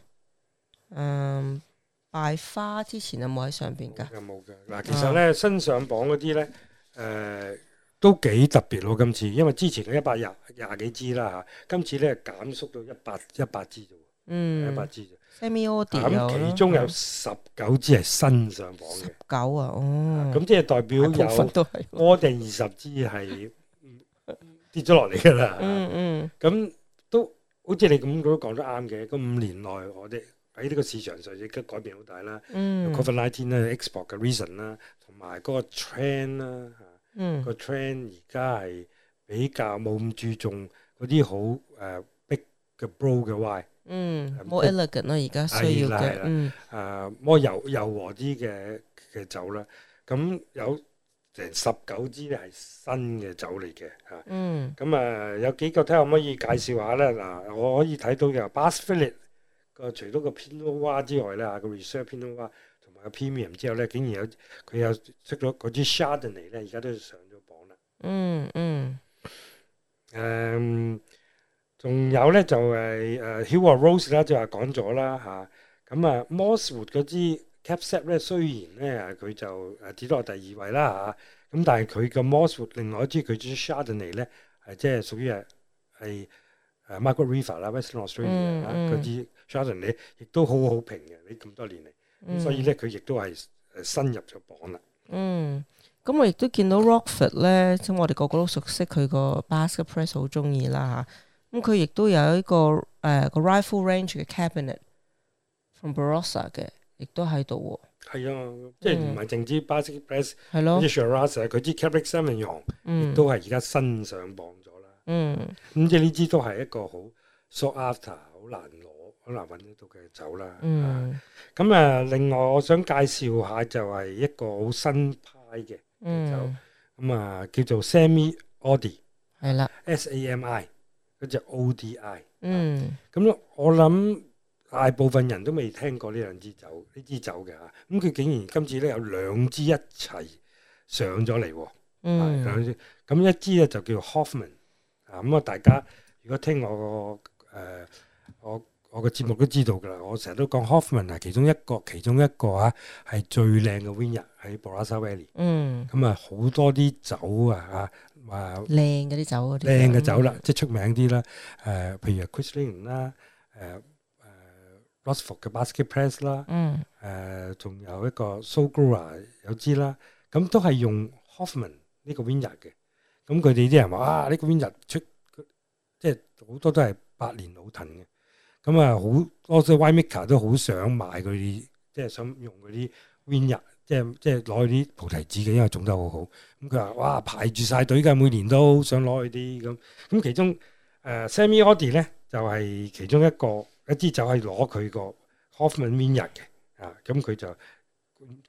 嗯、呃，拜花之前有冇喺上邊噶？有冇㗎？嗱，其實咧新上榜嗰啲咧，誒、呃、都幾特別咯。今次因為之前一百廿廿幾支啦嚇，今次咧減縮到一百一百支啫喎，嗯，一百支啫。咁其中有十九支係新上榜嘅，九啊、嗯，哦，咁即係代表有二十支，都係，跌咗落嚟噶啦，嗯嗯，咁都好似你咁講都講得啱嘅。個五年內我哋喺呢個市場上亦都改變好大啦，COVID nineteen 啦 expo 嘅 reason 啦，同埋嗰個 trend 啦，吓，個 trend 而家係比較冇咁注重嗰啲好誒 big 嘅 bro 嘅 why。嗯，more elegant 咯，而家需要嘅，嗯啊，啊，more 柔柔和啲嘅嘅酒啦。咁有成十九支咧係新嘅酒嚟嘅，嚇、嗯啊，嗯，咁啊有幾個睇下可唔可以介紹下咧？嗱、啊，我可以睇到嘅，Bass Phillip 個除咗個 Pinot Noir 之外咧，啊、個 Reserve Pinot Noir 同埋 Premium 之後咧，竟然有佢有出咗嗰支 Chardonnay 咧，而家都上咗榜啦、嗯。嗯嗯。誒。仲有咧就係誒 Hill Rose 啦，就係話講咗啦嚇。咁啊，啊，Mosswood 嗰支 Capset 咧，雖然咧佢就跌落第二位啦嚇。咁、啊、但係佢嘅 Mosswood 另外一支，佢支 Chardonnay 咧，係即係屬於係係、啊、Margaret River 啦、Western Australia 啊嗰啲 Chardonnay 亦都好好評嘅。你咁多年嚟，所以咧佢亦都係新入咗榜啦嗯。嗯，咁、嗯嗯嗯、我亦都見到 Rockford 咧，即我哋個個都熟悉佢個 Basket Press 好中意啦嚇。咁佢亦都有一個誒、呃、個 rifle range 嘅 Cabernet，from Barossa 嘅，亦都喺度喎。係啊、嗯，即係唔係淨止 Basket Press，係咯、嗯，啲 Shiraz 佢支 Cabernet Sauvignon，亦都係而家新上榜咗啦。嗯，咁即係呢支都係一個好 shorter，好難攞，好難揾得到嘅酒啦。嗯，咁啊，另外我想介紹下就係一個好新派嘅酒，咁啊、嗯、叫做 Sami Odi，係啦，S A M I。嗯嗰隻 ODI，嗯，咁、嗯、我諗大部分人都未聽過呢兩支酒，呢支酒嘅嚇。咁佢竟然今次咧有兩支一齊上咗嚟喎，嗯，咁一支咧就叫 Hoffman，啊，咁啊大家如果聽我誒、呃、我我嘅節目都知道㗎啦，我成日都講 Hoffman 係其中一個其中一個啊係最靚嘅 winery 喺 Barossa 嗯，咁、嗯、啊好多啲酒啊嚇。話靚嘅啲酒嗰啲，靚嘅酒啦，嗯、即係出名啲啦。誒、呃，譬如 Chris Linn 啦、呃，誒、呃、誒 Rockford 嘅 Basket Press 啦、嗯，誒仲、呃、有一個 Sogura 有支啦，咁都係用 Hoffman 呢個 vineyard 嘅。咁佢哋啲人話啊，呢、呢個 vineyard 出，即係好多都係百年老藤嘅。咁啊，好多所以 winemaker 都好想買佢，啲，即係想用嗰啲 vineyard。即係即係攞佢啲菩提子嘅，因為種得好好。咁佢話：哇，排住晒隊㗎，每年都想攞佢啲。咁咁其中誒 Sami-Odi 咧，就係、是、其中一個一支就係攞佢個 Hoffman Miny 嘅。啊，咁佢就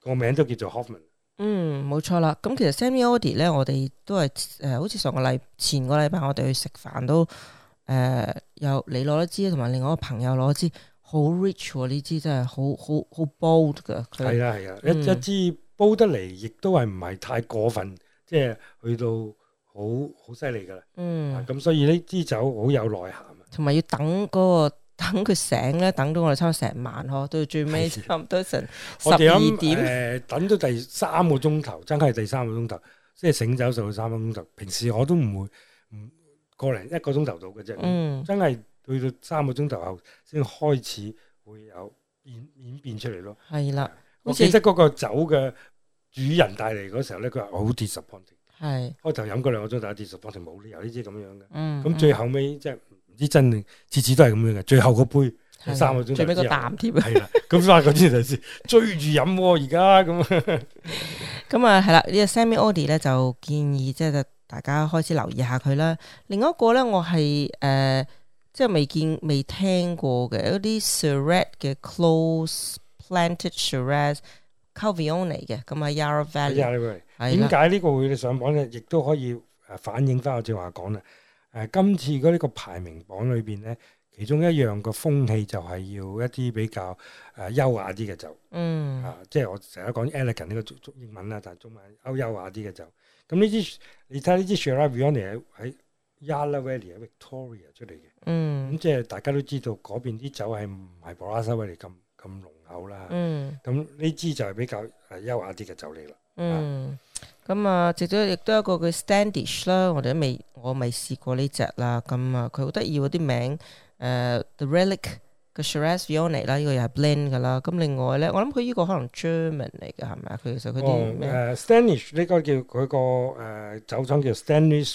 個名都叫做 Hoffman。嗯，冇錯啦。咁其實 Sami-Odi 咧，我哋都係誒、呃，好似上個禮前個禮拜我哋去食飯都誒、呃，有你攞一支，同埋另外一個朋友攞一支。好 rich 呢支真係好好好 bold 噶，係呀係呀，一一支煲得嚟亦都係唔係太過分，即係去到好好犀利噶啦。嗯，咁、啊、所以呢支酒好有內涵、啊。同埋要等嗰個，等佢醒咧，等到我哋差唔多成晚呵，到最尾差唔多成十二的點。誒、呃，等到第三個鐘頭，真係第三個鐘頭，即係醒酒，就到三個鐘頭。平時我都唔會，唔過零一個鐘頭到嘅啫。嗯，真係。去到三個鐘頭後，先開始會有演演變出嚟咯。係啦，我記得嗰個酒嘅主人帶嚟嗰時候咧是，佢話好 disappointing。係，開頭飲過兩個鐘頭，好 disappointing，冇理由呢啲咁樣嘅。嗯，嗯，咁最後尾即係唔知真定次次都係咁樣嘅。最後個杯三個鐘頭之後最尾個淡添、嗯。係 啦，咁三個鐘頭先追住飲，而家咁。咁啊，係啦，呢個 Sami-Odi 咧就建議即係大家開始留意下佢啦。另一個咧，我係誒。呃即係未見未聽過嘅嗰啲 Syrah 嘅 Close Planted Syrah Viognier 嘅，咁啊 Yarra Valley，點解呢個會上榜咧？亦都可以誒反映翻我正話講啦。誒、呃，今次如果呢個排名榜裏邊咧，其中一樣個風氣就係要一啲比較誒優、呃、雅啲嘅酒。嗯啊，即係我成日講 Elegant 呢個中中英文啦，但係中文歐優雅啲嘅酒。咁呢啲你睇呢支 Syrah Viognier 喺。嗯 Yarra ValleyVictoria 出嚟嘅，咁即係大家都知道嗰邊啲酒係唔係 Barossa Valley 嚟咁咁濃厚啦。咁呢支就係比較係優雅啲嘅酒嚟啦。嗯，咁啊，值得亦都有個叫 Standish 啦。我哋都未，我未試過呢隻啦。咁啊，佢好得意嗰啲名，誒 The Relic 嘅 Shiraz Viognier 啦，呢個又係 blend 噶啦。咁另外咧，我諗佢呢個可能 German 嚟嘅。係咪？佢其實佢啲誒 Standish 呢個叫佢個誒酒莊叫 Standish。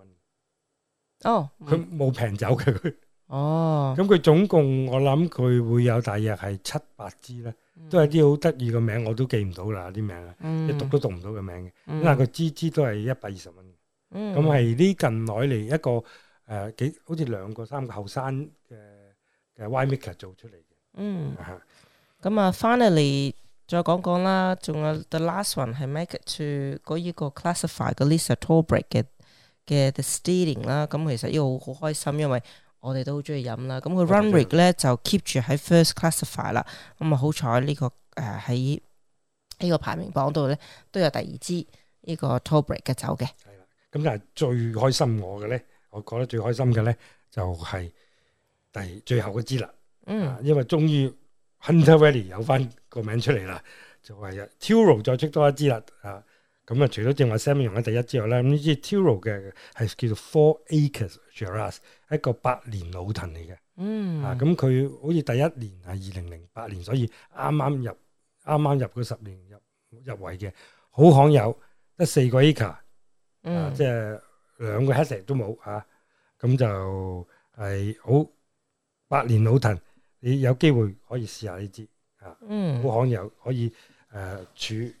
哦，佢冇平酒嘅佢。哦，咁佢總共我諗佢會有大約係七八支咧，都係啲好得意嘅名，我都記唔到啦啲名，一讀都讀唔到嘅名嘅。咁啊，因為佢支支都係一百二十蚊。嗯，咁係呢近耐嚟一個誒幾好似兩個三個後生嘅嘅 Y Maker 做出嚟嘅。嗯，嚇，咁啊，finally 再講講啦，仲有 the last one 係 make it to 嗰一個 classify 嗰啲 Torbreck 嘅。嘅、yeah, the stealing 啦、mm，咁、hmm. 其實呢個好開心，因為我哋都好中意飲啦。咁佢 RunRig 咧就 keep 住喺 first classify 啦。咁啊好彩呢個誒喺呢個排名榜度咧都有第二支呢，呢個 Torbreck 嘅酒嘅。係啦，咁但係最開心我嘅咧，我覺得最開心嘅咧就係第最後嗰支啦。嗯、mm，hmm. 因為終於 Hunter Valley 有翻個名出嚟啦，就係、是、Tyrrell 再出多一支啦啊！咁啊，除咗正話 Sam 用緊第一之外咧，呢支 Tyrrell's 嘅係叫做 Four Acres Shiraz，一個百年老藤嚟嘅。嗯，啊，咁佢好似第一年係二零零八年，所以啱啱入，啱啱入個十年入入圍嘅好罕有得四個 acre，啊，嗯、即係兩個 hectare 都冇嚇，咁、啊、就係、是、好百年老藤，你有機會可以試下呢支、嗯、啊，好罕有可以誒儲。呃處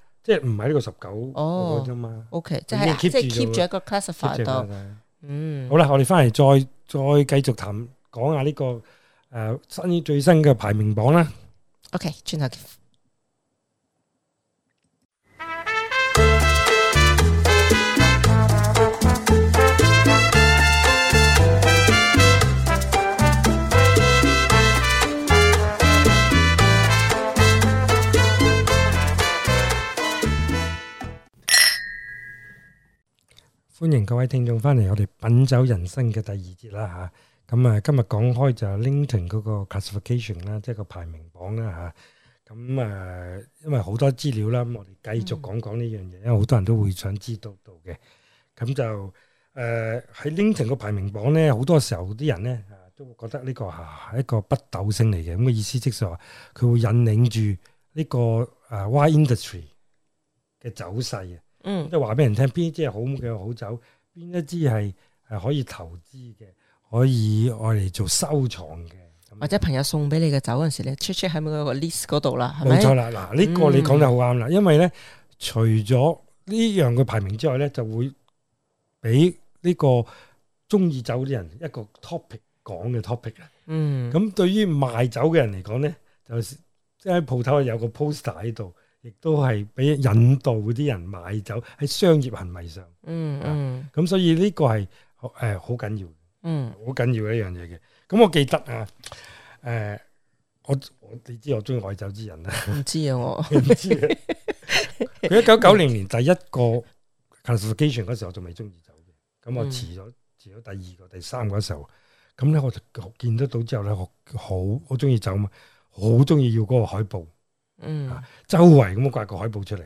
即係唔係呢個十九啫嘛，oh，OK，即係即係 keep 住一個 classifier 到，嗯，好啦，我哋翻嚟再再繼續談講下呢個誒新於最新嘅排名榜啦，OK，轉頭見。歡迎各位聽眾翻嚟，我哋品酒人生嘅第二節啦吓，咁啊今日講開就 Langton's 嗰個 classification 啦，即係個排名榜啦吓，咁啊，啊因為好多資料啦，咁我哋繼續講講呢樣嘢。嗯、因為好多人都會想知道到嘅，咁、啊、就誒喺 Langton's 個排名榜咧，好多時候啲人咧啊都會覺得呢個啊係一個北斗星嚟嘅，咁嘅意思即係話佢會引領住呢個誒 wine industry 嘅走勢啊。嗯，即係話俾人聽邊一支係好嘅好酒，邊一支係係可以投資嘅，可以攞嚟做收藏嘅，或者朋友送俾你嘅酒嗰陣時，你 check check 喺唔喺個 list 嗰度啦，係咪錯？冇錯啦。嗱、這、呢個你講得好啱啦，嗯、因為咧除咗呢樣嘅排名之外咧，就會俾呢個中意酒啲人一個 topic 講嘅 topic 啊。嗯，咁對於賣酒嘅人嚟講咧，就即係鋪頭有個 poster 喺度。亦都係俾引導嗰啲人買酒喺商業行為上，嗯，咁、嗯嗯、所以呢個係誒好緊要，嗯，好緊要嘅一樣嘢嘅。咁我記得啊，誒、呃，我我你知我中意愛酒之人啊，唔知啊，我唔知啊。佢一九九零年第一個 classification 嗰時候仲未中意酒嘅，咁、嗯、我遲咗遲咗第二個第三嗰時候，咁咧我就見得到之後咧，好我中意酒嘛，好中意要嗰個海報。嗯，周圍咁刮個海報出嚟，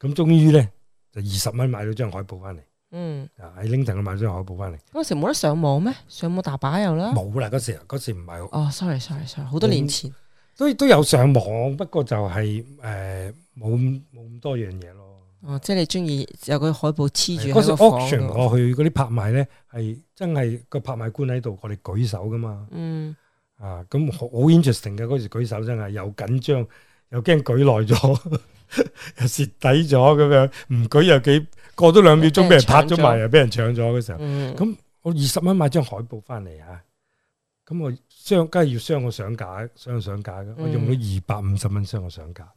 咁終於咧就二十蚊買咗張海報翻嚟。嗯，喺 Langton 去買張海報翻嚟嗰時冇得上網咩？上網大把有啦。冇啦，嗰時嗰時唔係好哦。Sorry，Sorry，Sorry，好 sorry, sorry, 多年前、嗯、都都有上網，不過就係誒冇冇咁多樣嘢咯。哦，即係你中意有嗰啲海報黐住。嗰時 auction 我去嗰啲拍賣咧，係真係個拍賣官喺度，我哋舉手噶嘛。嗯啊，咁好 interesting 噶，嗰時舉手真係又緊張又驚舉耐咗，又蝕底咗咁樣，唔舉又幾過咗兩秒鐘俾人拍咗埋，又俾人搶咗嗰時候。咁、嗯、我二十蚊買張海報翻嚟啊，咁我鑲梗係要鑲,鑲、嗯、我相架，鑲相架嘅，我用咗二百五十蚊鑲我相架。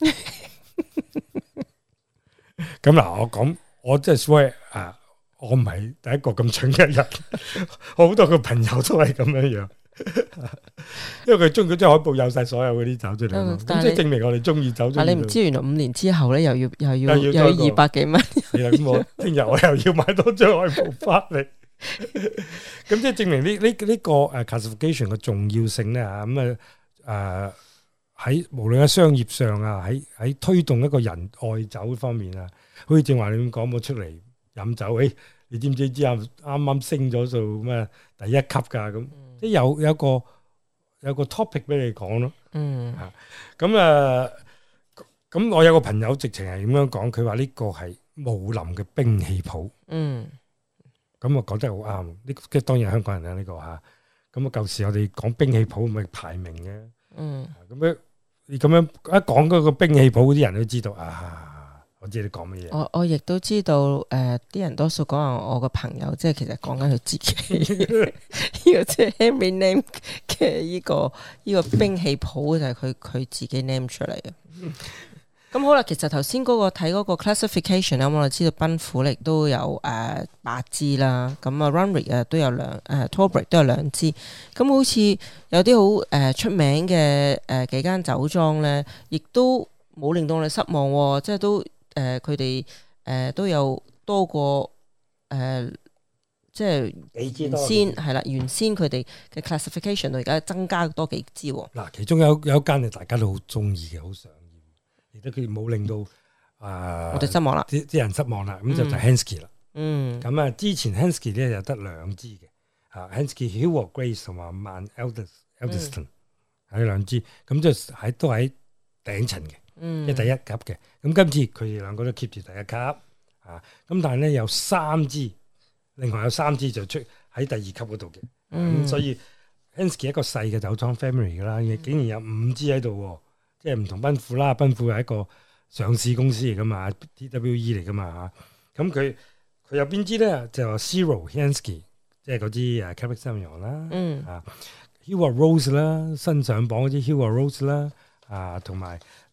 咁嗱，我講，我即係 swear 啊，我唔係第一個咁蠢嘅人， 好多個朋友都係咁樣樣。 因為佢中嗰張海報有晒所有嗰啲酒出嚟，是即係證明我哋中意酒。但你唔知，原來五年之後咧，又要又要有二百幾蚊。咁我聽日我又要買多張海報翻嚟。咁即係證明呢呢呢個誒 classification 嘅重要性咧。咁啊誒喺無論喺商業上啊，喺喺推動一個人愛酒方面啊，好似正話你咁講，我出嚟飲酒誒、哎，你知唔知之後啱啱升咗做咩第一級噶咁？有個有個有個 topic 俾你講咯，嗯嚇，咁啊，咁、啊、我有個朋友直情係點樣講，佢話呢個係武林嘅兵器譜，嗯，咁我講得好啱，呢即當然香港人啦、啊、呢、呢個嚇，咁啊舊時我哋講兵器譜咪排名嘅、啊。嗯，咁樣、啊、你咁樣一講嗰個兵器譜啲人都知道啊。我知你講乜嘢，我我亦都知道，誒、呃，啲人多數講啊，我個朋友即係其實講緊佢自己，呢 個即係 my name 嘅呢、這個呢、這個兵器譜就係佢佢自己 name 出嚟嘅。咁 好啦，其實頭先嗰個睇嗰個 classification 啊、嗯，我哋知道奔富力都有誒八支啦，咁、呃、啊 runrik 啊都有兩誒、啊、Torbreck 都有兩支。咁好似有啲好誒出名嘅誒、呃、幾間酒莊咧，亦都冇令到我哋失望，呃、即係都。誒佢哋誒都有多過誒、呃，即係原先係啦，原先佢哋嘅 classification，而家增加多幾支喎。嗱，其中有一有一間大家都好中意嘅，好想要，亦都佢冇令到啊，呃、我哋失望啦，啲人失望啦，咁就就 Henschke 啦。嗯，咁啊了，嗯、之前 Henschke 咧就得兩支嘅，啊 Henschke Hill of Grace 同埋 Mount e l d e r Edelstone 係兩支，咁就喺都喺頂層嘅。一、嗯、第一級嘅，咁今次佢哋兩個都 keep 住第一級啊，咁但係咧有三支，另外有三支就出喺第二級嗰度嘅，咁、嗯嗯、所以 Henschke 一個細嘅酒莊 family 噶啦，竟然有五支喺度，即係唔同奔富啦，奔富係一個上市公司嚟噶嘛，TWE 嚟噶嘛嚇，咁佢佢有邊支咧？就 Cyril Henschke，即係嗰支啊 Cabernet 羊啦，嗯，嗯 h ky, Sauvignon, 啊 Hill Rose 啦，新上榜嗰支 Hill、well、Rose 啦、啊，啊同埋。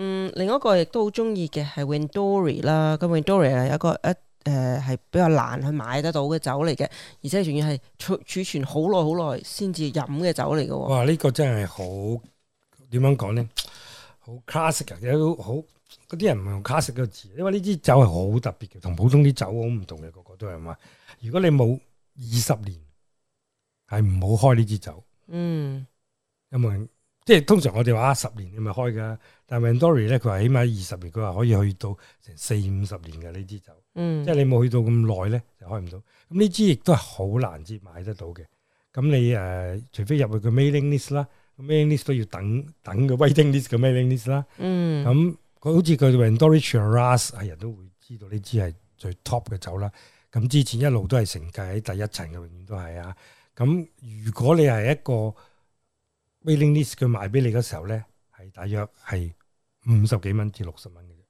嗯，另一個亦都好中意嘅係 Wendouree 啦，咁 Wendouree 係一個一誒係比較難去買得到嘅酒嚟嘅，而且仲要係儲儲存好耐好耐先至飲嘅酒嚟嘅、哦。哇！呢、呢個真係好點樣講咧？好 classic，有好嗰啲人唔係用 classic 個字，因為呢支酒係好特別嘅，同普通啲酒好唔同嘅，個個都係嘛。如果你冇二十年係唔好開呢支酒。嗯，有冇人？即係通常我哋話十年你咪開㗎。但 WinDory 咧，佢話起碼二十年，佢話可以去到成四五十年嘅呢支酒。嗯，即係你冇去到咁耐咧，就開唔到。咁呢支亦都係好難接買得到嘅。咁你誒，除非入去佢 mailing list 啦，mailing list 都要等等嘅 waiting list 嘅 mailing list 啦。嗯。咁佢好似佢 WinDory Shiraz 係人都會知道呢支係最 top 嘅酒啦。咁之前一路都係承繼喺第一層嘅，永遠都係啊。咁如果你係一個 mailing list，佢賣俾你嘅時候咧。大約係五十幾蚊至六十蚊嘅啫，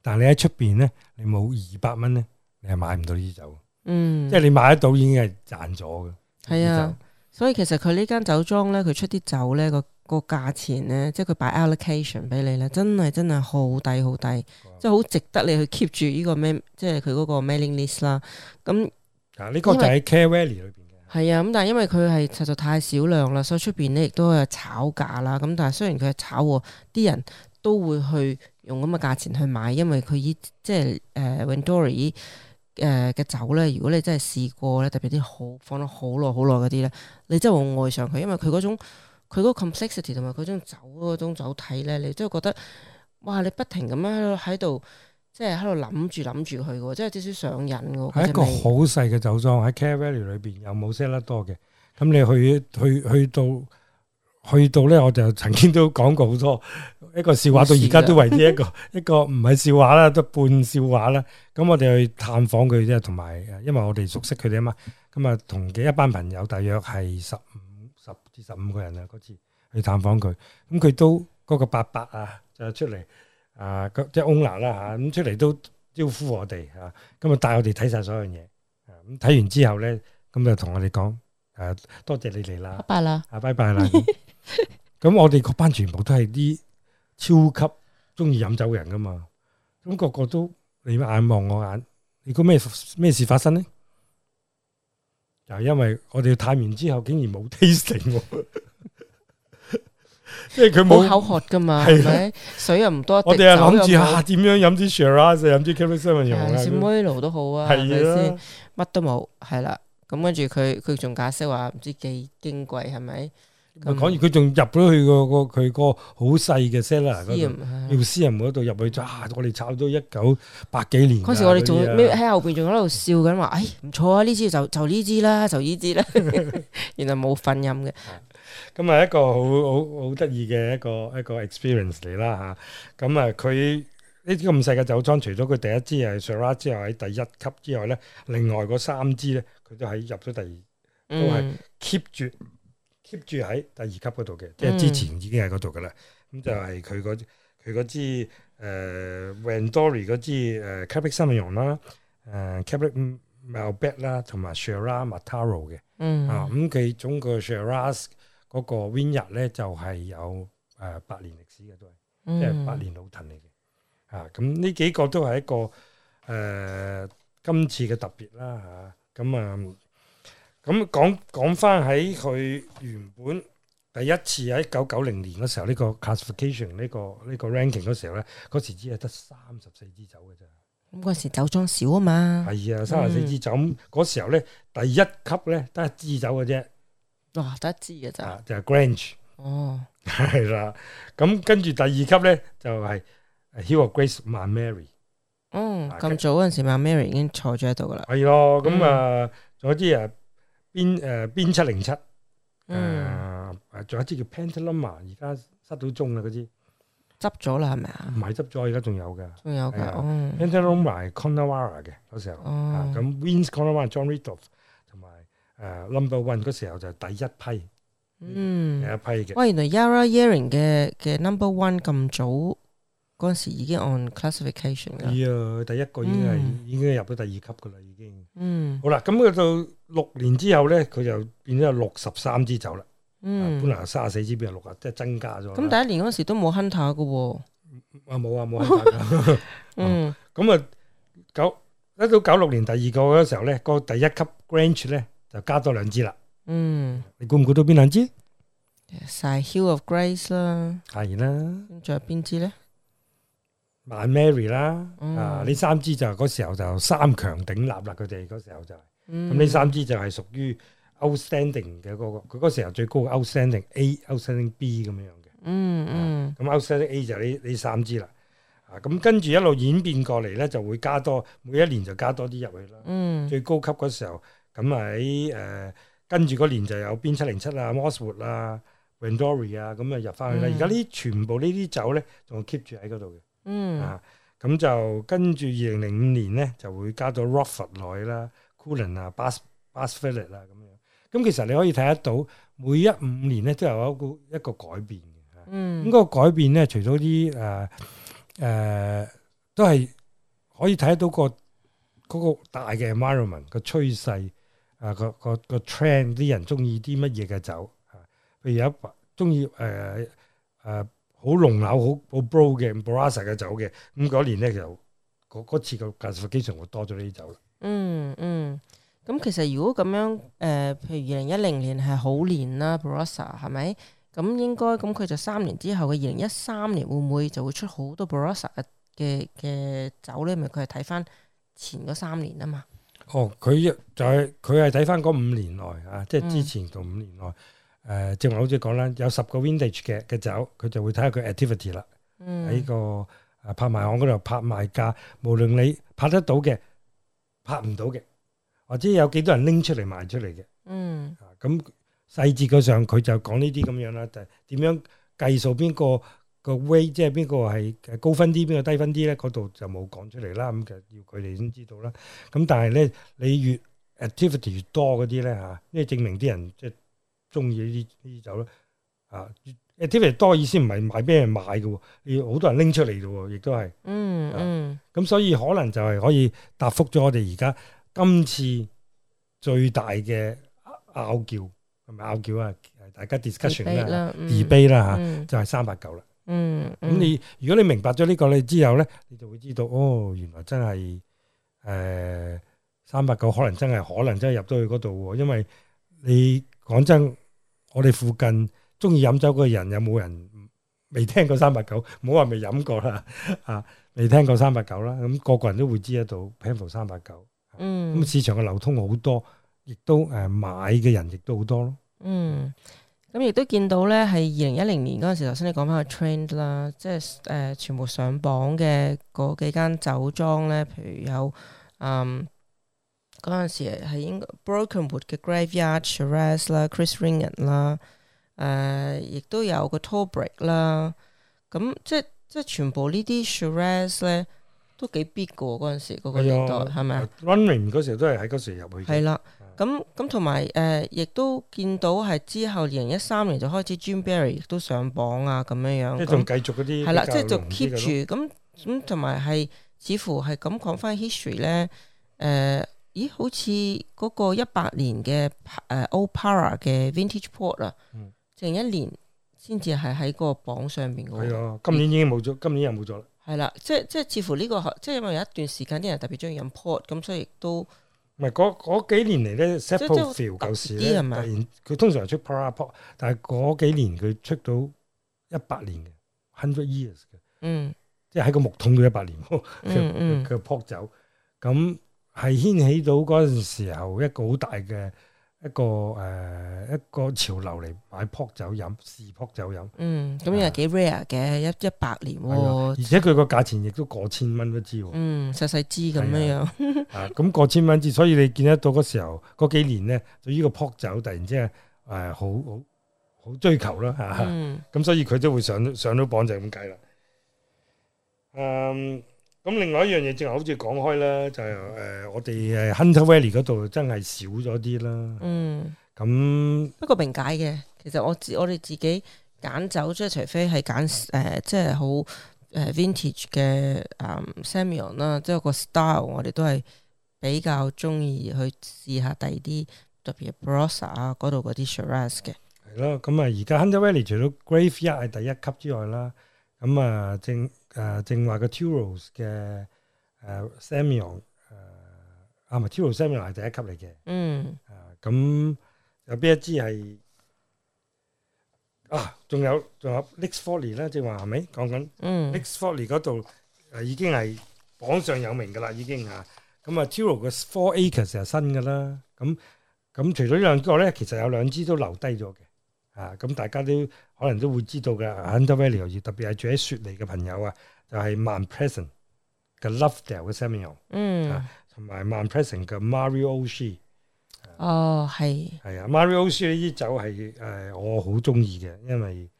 但係你喺出邊咧，你冇二百蚊咧，你係買唔到呢啲酒。嗯，即係你買得到已經係賺咗嘅。係啊，所以其實佢呢間酒莊咧，佢出啲酒咧，個個價錢咧，即係佢擺 allocation 俾你咧，真係真係好抵好抵，嗯、即係好值得你去 keep 住呢個咩，即係佢嗰個 mailing list 啦。咁啊，呢、呢個就喺 Clare Valley 係啊，咁但係因為佢係實在太少量啦，所以出邊咧亦都有炒價啦。咁但係雖然佢係炒喎，啲人都會去用咁嘅價錢去買，因為佢依即係誒 Wendouree 誒嘅酒咧。如果你真係試過咧，特別啲好放咗好耐、好耐嗰啲咧，你真係會愛上佢，因為佢嗰種佢嗰個 complexity 同埋佢種酒嗰種酒體咧，你真係覺得哇！你不停咁樣喺度。即係喺度諗住諗住去嘅，即係有少少上癮嘅。係一個好細嘅酒莊喺 Clare Valley 裏邊，有冇 set 得多嘅。咁你去去去到去到咧，我就曾經都講過好多一個笑話，到而家都為止一個是 一個唔係笑話啦，都半笑話啦。咁我哋去探訪佢啫，同埋誒，因為我哋熟悉佢哋啊嘛。咁啊，同嘅一班朋友，大約係十五十至十五個人啊，嗰次去探訪佢，咁佢都嗰、那個伯伯啊就出嚟。啊，即係翁娜啦吓，咁出嚟都招呼我哋吓，咁啊帶我哋睇晒所有嘢，咁、啊、睇完之後咧，咁就同我哋講，係多謝你哋啦、啊，拜拜啦， 啊拜拜啦，咁我哋嗰班全部都係啲超級中意飲酒嘅人噶嘛，咁、那個個都你眼望我眼，你估咩咩事發生咧？就因為我哋探完之後，竟然冇 tasting、啊 即係佢冇口渴噶嘛，係咪水又唔多？我哋係諗住啊，點樣飲啲 shiraz，飲啲 cabernetsauvignon 啊，Semillon 都好啊，係咪先乜都冇？係啦，咁跟住佢佢仲解釋話唔知幾矜貴係咪？講完佢仲入咗去個個佢個好細嘅 cellar，要私人嗰度入去，咋我哋炒咗一九八幾年。嗰時我哋仲喺後邊仲喺度笑緊話，誒唔錯啊呢支就就呢支啦，就呢支啦，原來冇份飲嘅。咁啊，一個好好好得意嘅一個一個 experience 嚟啦吓。咁啊，佢呢啲咁細嘅酒莊，除咗佢第一支係 Shiraz 之外，喺第一級之外咧，另外嗰三支咧，佢都喺入咗第二，都係 keep 住 keep 住喺第二級嗰度嘅，即係之前已經喺嗰度噶啦。咁就係佢個佢嗰支誒 Wendouree 嗰支誒 Cabernet Sauvignon 啦，誒 Cabernet Malbec 啦，同埋 Shiraz Mataro 嘅。嗯。啊，咁佢總共 Shiraz 嗰個 Win 日咧就係有誒百年歷史嘅都係，嗯、即係百年老藤嚟嘅。啊，咁呢幾個都係一個誒、呃、今次嘅特別啦嚇。咁啊，咁講講翻喺佢原本第一次喺一九九零年嗰時候，呢、這個 classification 呢、這個呢、這個 ranking 嗰時候咧，嗰時只係得三十四支酒嘅咋。咁嗰時酒莊少啊嘛。係啊，三十四支酒，嗰、嗯、時候咧第一級咧得一支酒嘅啫。哇，得一知嘅咋？就係 Grange。哦，係啦。咁跟住第二級咧，就係 Hill of Grace Mar Mary。哦，咁早嗰陣時，Mar Mary 已經坐住喺度噶啦。係咯，咁啊，仲有啲啊，邊誒邊七零七，嗯，誒，仲有支叫 Petaluma，而家失到鐘啦嗰支。執咗啦，係咪啊？唔係執咗，而家仲有嘅。仲有嘅，Petaluma Coonawarra 嘅嗰時候。哦。咁 Wynns Coonawarra John Riddoch。誒、uh，number one 嗰時候就第一批，第一批嘅。喂，原來 Yarra Yering a 嘅嘅 number one 咁早嗰陣時已經 on classification 啦。咿第一個已經係已經入咗第二級噶啦，已、hmm. 經、well, mm。嗯、hmm.，好啦、mm，咁去到六年之後咧，佢就變咗有六十三支酒啦。嗯，本來卅四支變咗六啊，即係增加咗。咁第一年嗰時都冇 Hunter 噶喎。啊冇啊冇。嗯，咁啊九一到九六年第二個嗰個時候咧，個第一級 Grange 咧。就加多兩支啦。嗯，你估唔估到邊兩支？晒 Hill of Grace 啦，係啦。仲有邊支咧？Mary 啦，啊，啊呢啊、嗯、啊三支就嗰、是、時候就三強鼎立立，佢哋嗰時候就是，咁呢、嗯、三支就係屬於 outstanding 嘅嗰、那個，佢嗰時候最高嘅 outstanding A Out、outstanding B 咁樣樣嘅。嗯嗯。咁、啊、outstanding A 就係呢呢三支啦。啊，咁跟住一路演變過嚟，咧，就會加多每一年就加多啲入去啦。嗯，最高級嗰時候。咁喺誒跟住嗰年就有 Bin 707啊、Mosswood、嗯嗯、啊、Wendouree 啊，咁啊入翻去啦。而家呢全部呢啲酒咧，仲 keep 住喺嗰度嘅。嗯，咁就跟住二零零五年咧，就會加咗 Rockford 啦、Cullen 啊、Bass Bass Phillip 啦咁樣。咁其實你可以睇得到，每一五年咧都有一個一、嗯、個改變嘅。嗯，咁嗰個改變咧，除咗啲誒誒，都係可以睇得到、個嗰、個大嘅 environment 個趨勢。啊，嗰個、嗰個個 trend 啲人中意啲乜嘢嘅酒啊？譬如有一中意誒誒好濃厚、好好 bold 嘅 Barossa 嘅酒嘅，咁嗰年咧就嗰次嘅 investment 會多咗呢啲酒啦。嗯嗯，咁其實如果咁樣誒、呃，譬如二零一零年係好年啦 Barossa 係咪？咁應該咁佢就三年之後嘅二零一三年會唔會就會出好多 Barossa 嘅嘅酒咧？咪佢係睇翻前嗰三年啊嘛。哦，佢就係佢係睇翻嗰五年內啊，即係之前同五年內，誒、啊嗯呃，正話好似講啦，有十個 vintage 嘅嘅酒，佢就會睇下佢 activity 啦，喺、嗯、個誒拍賣行嗰度拍賣價，無論你拍得到嘅、拍唔到嘅，或者有幾多人拎出嚟賣出嚟嘅，嗯、啊，咁細節嘅上佢就講呢啲咁樣啦，就係、是、點樣計數邊個。個 weight 即係邊個係高分啲，邊個低分啲咧？嗰度就冇講出嚟啦。咁其實要佢哋先知道啦。咁但係咧，你越 activity 越多嗰啲咧嚇，即、啊、係證明啲人即係中意呢啲呢啲酒咯嚇。activity 多意思唔係買俾人買嘅喎，要、啊、好多人拎出嚟嘅喎，亦都係。嗯咁、啊、所以可能就係可以答覆咗我哋而家今次最大嘅拗撬係咪拗撬啊？大家 discussion 啦，Debate 啦嚇，啊嗯、就係三八九啦。嗯，咁你如果你明白咗呢個你之後咧，你就會知道哦，原來真係誒三八九可能真係可能真係入到去嗰度喎，因為你講真，我哋附近中意飲酒嗰個人有冇人未聽過三八九？唔好話未飲過啦，吓未聽過三八九啦，咁個個人都會知得到 p 一度奔富三八九，嗯，咁市場嘅流通好多，亦都誒買嘅人亦都好多咯，嗯。咁亦都見到咧，係二零一零年嗰陣時，頭先你講翻個 trend 啦，即係誒全部上榜嘅嗰幾間酒莊咧，譬如有嗯嗰陣時係應該 Brokenwood 嘅 Graveyard Shiraz 啦，Chris Ringen 啦、呃，誒亦都有個 Torbreck 啦、啊，咁即係即係全部呢啲 Shiraz 咧都幾 big 個嗰陣時嗰、嗰個年代係咪的吧？running 嗰時候都係喺嗰時入去，係啦。咁咁同埋誒，亦、嗯呃、都見到係之後，二零一三年就開始 Jim Barry 都上榜啊，咁樣樣。即係仲繼續嗰啲係啦，即係就 keep 住咁咁同埋係，嗯、似乎係咁講翻 history 咧。誒、呃，咦？好似嗰個一百年嘅誒 Old、呃、Para 嘅 Vintage Port 啊、嗯，成一年先至係喺個榜上面嘅、嗯、啊，今年已經冇咗，欸、今年又冇咗啦。係啦，即即係似乎呢、呢個即係因為有一段時間啲人特別中意飲 Port，咁所以亦都。唔係嗰幾年嚟咧，Apple feel 舊時咧，uh, 突然佢通常出 pro a p p r e 但係嗰幾年佢出到一百年嘅 hundred years 嘅，嗯，即係喺個木桶度一百年，呵呵嗯嗯，佢撲走，咁係掀起到嗰陣時候一個好大嘅。一個誒、呃，一個潮流嚟買泡酒飲，試泡酒飲。嗯，咁又幾 rare 嘅，一一百年，啊。而且佢個價錢亦都過千蚊一支。嗯，細細支咁樣樣。的 啊，咁過千蚊支，所以你見得到嗰時候嗰幾年咧，對於呢個泡酒突然之間誒、啊，好好好追求啦。啊、嗯、啊。咁所以佢都會上上到榜就咁計啦。嗯、um,。咁另外一樣嘢，正係好似講開啦，就係、是、誒、呃、我哋誒 Hunter Valley 嗰度真係少咗啲啦。嗯，咁那不過明解嘅。其實我自我哋自己揀酒，即係除非係揀誒，即係好誒 vintage 嘅誒 Samuel 啦，即係個 style，我哋都係比較中意去試下第二啲特別係 Barossa 啊嗰度嗰啲 Shiraz 嘅。係咯，咁啊而家 Hunter Valley 除咗 Graveyard 係第一級之外啦，咁、嗯、啊、嗯、正。誒、呃，正話個 Turos 嘅誒 Samuel、呃、誒，啊唔係 Turos Samuel 係第一級嚟嘅。嗯。咁、呃、有邊一支係啊？仲有仲有 Nextfolio 咧？正話係咪講緊？嗯。Nextfolio 嗰度誒已經係榜上有名嘅啦，已經啊。咁、嗯、啊，Turos 嘅 Four Acres 係新嘅啦。咁、嗯、咁除咗呢兩個咧，其實有兩支都留低咗嘅。啊，咁、嗯、大家都。可能都會知道嘅，undervalue 特別係住喺雪梨嘅朋友啊，就係、是、Mount Pleasant 嘅 Lovedale 嘅 Samuel，嗯，同埋 Mount Pleasant 嘅 Maurice O'Shea。G, 啊、哦，係。係啊，Maurice O'Shea 呢啲酒係誒我好中意嘅，因為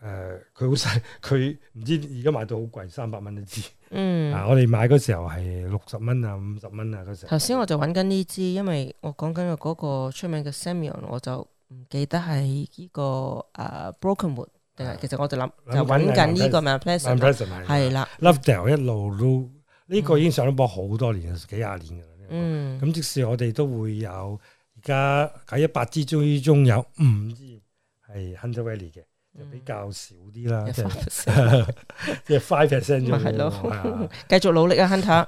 誒佢好細，佢唔知而家賣到好貴，三百蚊一支。嗯。啊，我哋、啊、買嗰、嗯啊、時候係六十蚊啊，五十蚊啊嗰時。頭先我就揾緊呢支，因為我講緊嘅嗰個出名嘅 Samuel，我就。唔記得係呢個誒 Brokenwood 定係其實我哋諗就揾緊呢個嘛 pleasant 係啦，love doll 一路攞呢個已經上咗榜好多年，幾廿年㗎啦。嗯，咁即使我哋都會有而家喺一百支中之中有五支係 Hunter Valley 嘅，就比較少啲啦，即係 five percent 咁係咯，繼續努力啊 Hunter。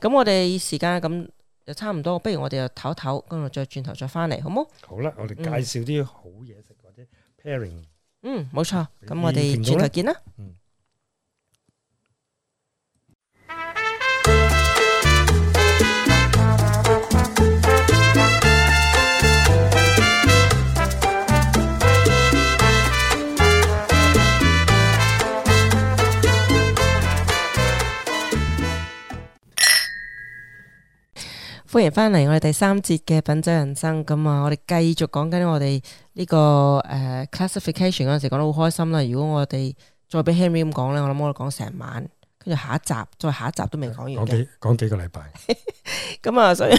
咁我哋時間咁。就差唔多，不如我哋又唞唞，跟住再轉頭再翻嚟，好冇？好啦，我哋介紹啲好嘢食、嗯、或者 pairing。嗯，冇錯，咁我哋轉頭見啦。嗯。歡迎翻嚟，我哋第三節嘅品酒人生咁啊！我哋繼續講緊我哋呢、這個誒、呃、classification 嗰陣時講得好開心啦。如果我哋再俾 Henry 咁講咧，我諗我哋講成晚，跟住下一集再下一集都未講完。講幾講幾個禮拜咁 啊！所以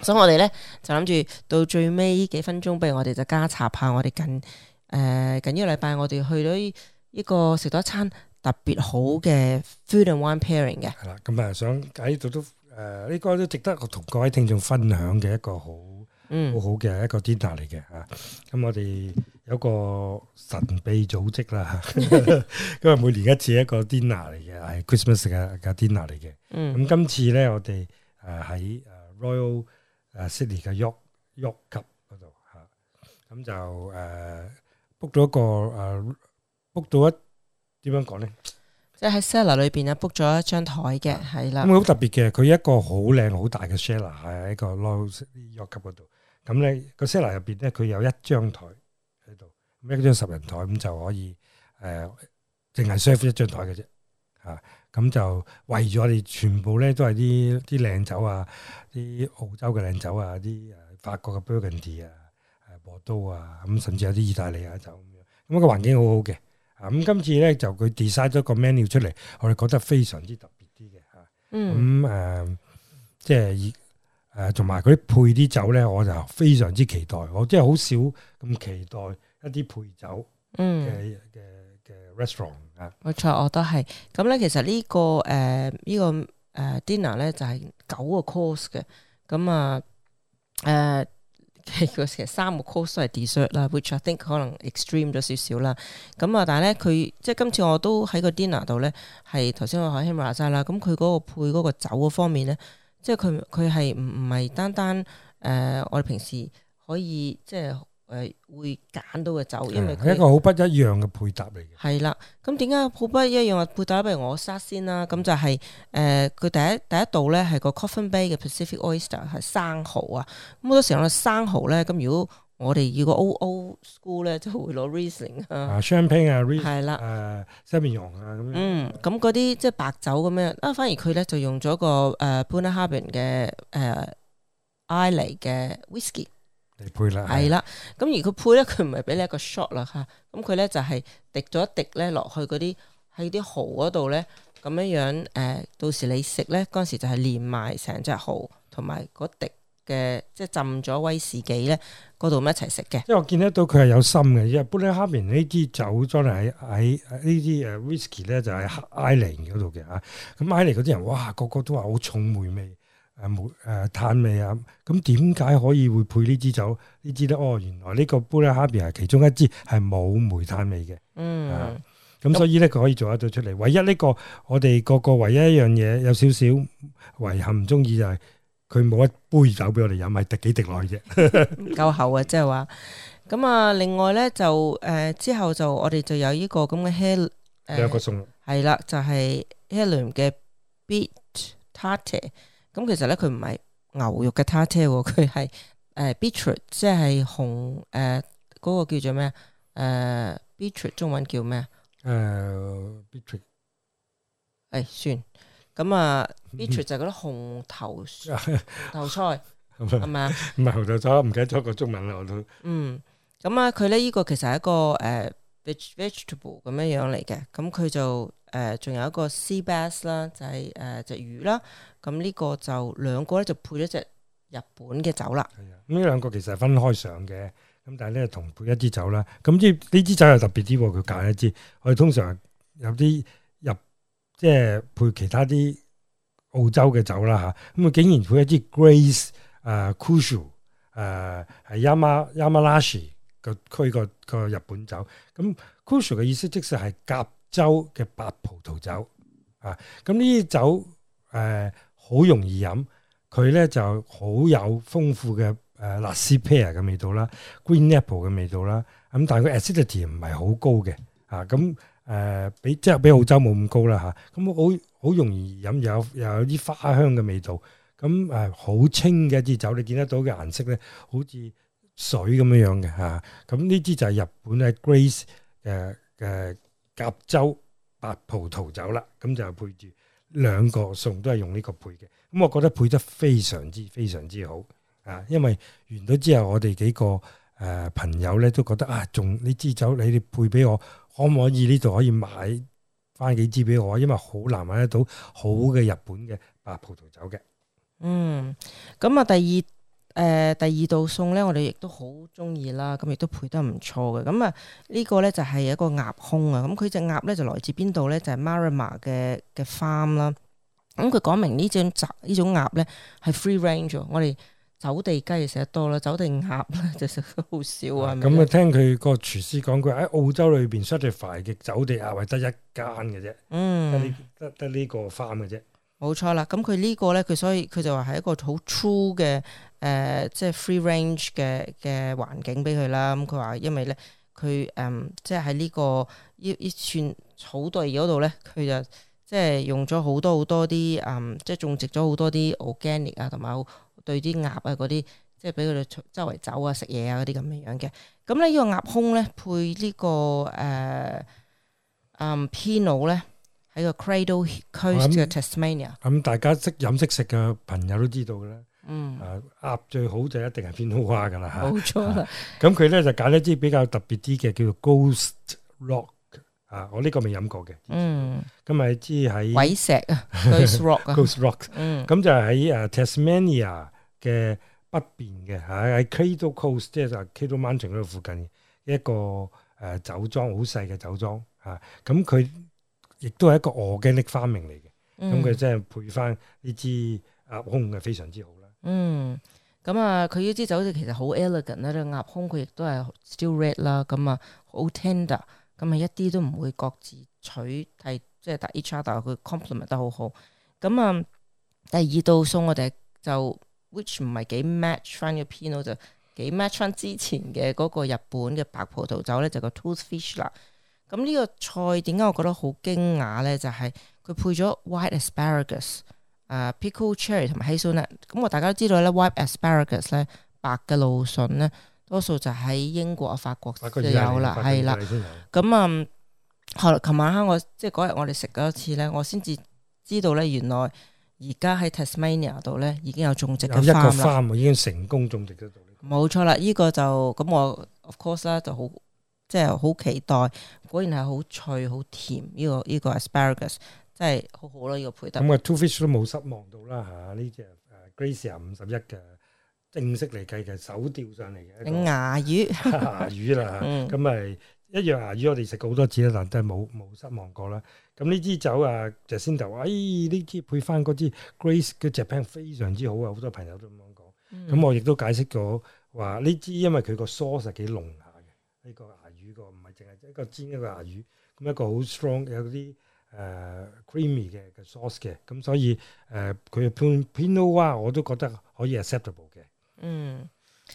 所以我哋咧就諗住到最尾呢幾分鐘，不如我哋就加插下我哋近誒、呃、近一個禮拜我哋去到呢個食多一餐特別好嘅 food and wine pairing 嘅。係啦、嗯，咁啊想喺度都。嗯嗯嗯嗯嗯誒呢、呃這個都值得同各位聽眾分享嘅一個好好好嘅一個 dinner 嚟嘅嚇、啊，咁、嗯嗯、我哋有個神秘組織啦，因為 每年一次一個 dinner 嚟嘅，係 Christmas 嘅嘅 dinner 嚟嘅。咁、嗯嗯嗯、今次咧我哋誒喺誒 Royal 誒、uh, Sydney 嘅 Yacht Yacht c 嗰度嚇、啊，咁就誒 book 到一個誒 book 到一點樣講咧？即就喺 cellar 裏邊啊 book 咗一張台嘅，係啦。咁好、嗯、特別嘅，佢一個好靚好大嘅 cellar 喺一個 Los York 嗰度。咁、那、咧個 cellar 入邊咧，佢有一張台喺度，咁一張十人台，咁就可以誒，淨係 serve 一張台嘅啫。吓，咁、啊嗯嗯嗯、就為咗我哋全部咧都係啲啲靚酒啊，啲澳洲嘅靚酒啊，啲誒法國嘅 Burgundy 啊，誒波多啊，咁甚至有啲意大利啊酒咁樣。咁、那個環境好好嘅。啊！咁今次咧就佢 design 咗個 menu 出嚟，我哋覺得非常之特別啲嘅嚇。嗯。咁誒、嗯，即係誒，同埋啲配啲酒咧，我就非常之期待。我即係好少咁期待一啲配酒嘅嘅嘅 restaurant。冇、嗯、錯，我都係。咁咧，其實呢、呢個誒呢、呃呢個誒 dinner 咧就係九個 course 嘅。咁啊誒。呃嗯其實 三個 course 都係 dessert 啦，which I think 可能 extreme 咗少少啦。咁啊，但係咧佢即係今次我都喺個 dinner 度咧，係頭先我喺希話曬啦。咁佢嗰個配嗰個酒方面咧，即係佢佢係唔唔係單單誒、呃、我哋平時可以即係。誒，會揀到嘅酒，因為佢係一個好不一樣嘅配搭嚟嘅。係啦，咁點解好不一樣嘅配搭？譬如我沙先啦，咁就係、是、誒，佢、呃、第一第一道咧係個 Coffin Bay 嘅 Pacific Oyster 係生蚝啊。咁好多時我生蚝咧，咁如果我哋要個 old old school 咧，就會攞 Riesling 啊，Champagne 啊，係啦，誒，Semillon 啊咁樣。嗯，咁嗰啲即係白酒咁樣，啊，反而佢咧就用咗個誒 Bunnahabhain 嘅誒 Islay 嘅 Whiskey。啊配啦，係啦，咁而佢配咧，佢唔係俾你一個 shot 啦吓，咁佢咧就係滴咗一滴咧落去嗰啲喺啲蠔嗰度咧，咁樣樣誒、呃，到時你食咧嗰時就係連埋成隻蠔同埋嗰滴嘅即係浸咗威士忌咧，嗰度一齊食嘅。因為我見得到佢係有心嘅，因為布列克明呢啲酒裝喺喺呢啲誒威士忌咧就係黑艾靈嗰度嘅啊，咁艾靈嗰啲人哇個個都話好重梅味。誒、啊、煤誒碳、啊、味啊，咁點解可以會配呢支酒？呢支咧，哦，原來呢個杯咧，旁邊係其中一支係冇煤炭味嘅。嗯，咁、啊、所以咧，佢可以做得到出嚟。唯一呢、這個，我哋個個唯一一樣嘢有少少遺憾，唔中意就係佢冇一杯酒俾我哋飲，係滴幾滴落去啫。夠 厚啊！即係話，咁啊，另外咧就誒、呃、之後就我哋就有呢個咁嘅 Hel，有個餸係啦，就係、是、Helon 嘅、um、Beet Tart。咁其實咧佢唔係牛肉嘅 tartar，佢係誒 beetroot，即係紅誒嗰個叫做咩啊？誒、呃、beetroot，中文叫咩、呃哎、啊？誒、嗯、beetroot 算咁啊？beetroot 就嗰啲紅頭頭菜係咪啊？唔係紅頭菜，唔 吧 記得咗個中文啦我都、嗯。嗯，咁啊，佢咧呢個其實係一個誒、uh, vegetable 咁樣樣嚟嘅，咁、嗯、佢就。誒，仲有一個 sea bass 啦，就係誒隻魚啦。咁呢個就兩個咧，就配咗隻日本嘅酒啦。係啊、嗯，咁呢兩個其實係分開上嘅。咁但係咧，同配一支酒啦。咁即呢支酒又特別啲喎，佢揀一支。我哋通常有啲入，即係配其他啲澳洲嘅酒啦嚇。咁啊，竟然配一支 Grace 誒、呃、Koshu、呃誒係 Yamanashi 個區個日本酒。咁、嗯、Koshu 嘅意思即係係夾。州嘅白葡萄酒啊，咁呢啲酒誒好、呃、容易飲，佢咧就好有豐富嘅誒納斯 pair 嘅味道啦，green apple 嘅味道啦，咁但係佢 acidity 唔係好高嘅啊，咁誒、啊啊、比即係比澳洲冇咁高啦嚇，咁好好容易飲，又有又有啲花香嘅味道，咁誒好清嘅一支酒，你見得到嘅顏色咧，好似水咁樣樣嘅嚇，咁呢支就係日本嘅 Grace 嘅嘅。甲州白葡萄酒啦，咁就配住兩個餸，都係用呢個配嘅。咁我覺得配得非常之非常之好啊！因為完咗之後，我哋幾個誒、呃、朋友咧都覺得啊，仲呢支酒你哋配俾我，可唔可以呢度可以買翻幾支俾我啊？因為好難買得到好嘅日本嘅白葡萄酒嘅。嗯，咁啊，第二。誒第二道餸咧，我哋亦都好中意啦，咁亦都配得唔錯嘅。咁啊，呢個咧就係一個鴨胸啊。咁佢隻鴨咧就來自邊度咧？就係 Marima 嘅嘅 farm 啦。咁佢講明呢隻呢種鴨咧係 free range，我哋走地雞食得多啦，走地鴨就食得好少啊。咁啊、嗯，吧聽佢個廚師講，佢喺澳洲裏邊 certified 嘅走地鴨，係得一間嘅啫。嗯，得得呢個 farm 嘅啫。冇錯啦，咁佢呢個咧，佢所以佢就話係一個好 true 嘅誒、呃，即係 free range 嘅嘅環境俾佢啦。咁佢話因為咧，佢誒即係喺呢個呢一寸草地嗰度咧，佢就即係用咗好多好多啲誒，即係、這個嗯這個嗯嗯嗯、種植咗好多啲 organic 啊，同埋對啲鴨啊嗰啲，即係俾佢哋周圍走啊、食嘢啊嗰啲咁樣樣嘅。咁咧呢個鴨胸咧配、這個呃嗯、P 呢個誒嗯 Pinot 咧。喺個 Cradle Coast 嘅 Tasmania，咁大家識飲識食嘅朋友都知道嘅啦。嗯，啊鴨最好就一定係 Pinot Noir 嘅啦嚇。冇錯啦，咁佢咧就揀一啲比較特別啲嘅，叫做 Ghost Rock 啊。我呢個未飲過嘅。嗯。咁咪即係喺鬼石哈哈啊，Ghost Rock Ghost Rock。咁就喺誒 Tasmania 嘅北邊嘅嚇，喺、啊、Cradle Coast，即係就 Cradle Mountain 嗰度附近一個誒、啊、酒莊，好細嘅酒莊嚇。咁、啊、佢。啊啊亦都係一個 organic farming 嚟嘅，咁佢真係配翻呢支鴨胸係非常之好，嗯嗯啊、ante，啦。嗯，咁啊、嗯，佢呢支酒其實好 elegant 啦，鴨胸佢亦都係 still red 啦，咁啊好 tender，咁啊一啲都唔會各自取係即係搭 each other，佢 complement 得好好。咁、嗯、啊、嗯，第二道餸我哋就 which 唔係幾 match 翻個 Pinot 就幾 match 翻之前嘅嗰個日本嘅白葡萄酒咧，就是、個 toothfish 啦。咁呢個菜點解我覺得好驚訝咧？就係、是、佢配咗 white asparagus、uh, so 嗯、誒 pickled cherry 同埋 hazelnut 咧。咁我大家都知道咧，white asparagus 咧，白嘅蘆筍咧，多數就喺英國啊、法國就有啦，係啦。咁啊，後來琴晚黑我即係嗰日我哋食嗰次咧，我先至知道咧，原來而家喺 Tasmania 度咧已經有種植，咁花一個花已經成功種植得到。冇錯啦，呢、這個就咁我 of course 啦，就好。即係好期待，果然係好脆、甜，這個這個、好甜呢個呢個 asparagus，真係好好啦呢個配搭。咁、那個 two fish 都冇失望到啦嚇，呢、啊、只誒 g r a c e a 五十一嘅正式嚟計嘅手釣上嚟嘅牙魚，牙魚啦咁咪一樣牙魚我哋食過好多次啦，但真係冇冇失望過啦。咁呢支酒啊就先 s t i 就話：，哎，呢支配翻嗰支 grace 嘅 Japan 非常之好啊！好多朋友都咁講。咁、嗯、我亦都解釋咗話：呢支因為佢、這個 sauce 係幾濃下嘅呢個。一個煎一個牙魚，咁一個好 strong 有啲誒、呃、creamy 嘅嘅 sauce 嘅，咁、嗯、所以誒佢 Pinot Noir 啊，呃、我都覺得可以 acceptable 嘅。嗯，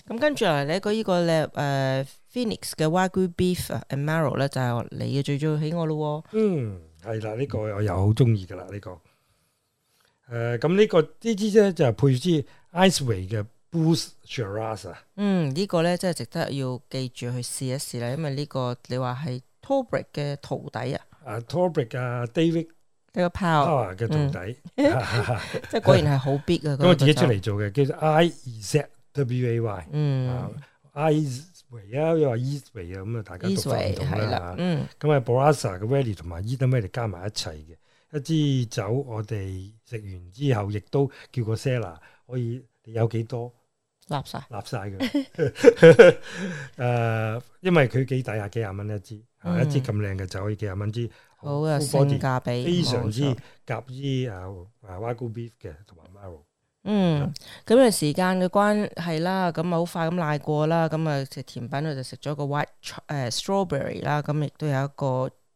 咁跟住嚟咧，這個依個咧誒 Phoenix 嘅 Wagyu Beef and Marrow 咧就係、是、你嘅最最喜愛咯。嗯，係啦，呢、這個我又好中意噶啦，呢、這個。誒、呃、咁、這個、呢個呢啲咧就是、配啲 iceway 嘅。b o o t g i 嗯呢、這個咧真係值得要記住去試一試啦，因為呢個你話係 Torbreck 嘅徒弟啊，啊 Torbreck 啊 David 嘅 Powell 嘅徒弟，即係果然係好 big 啊！咁我 自己出嚟做嘅叫做 Izway，嗯，I 啊又話 Easy 啊，咁啊、e、way, 大家讀翻唔同啦咁啊 Barossa 嘅 Valley 同埋 Eden Valley 加埋一齊嘅一支酒，我哋食完之後亦都叫個 Sala 可以有幾多？立曬，立曬㗎。誒，因為佢幾抵啊，幾廿蚊一支，一支咁靚嘅就可以幾廿蚊支，好啊，性價比非常之夾於啊啊 Wagyu Beef 嘅同埋 Marrow。嗯，咁啊時間嘅關係啦，咁好快咁賴過啦，咁啊食甜品我就食咗個 White 誒 Strawberry 啦，咁亦都有一個。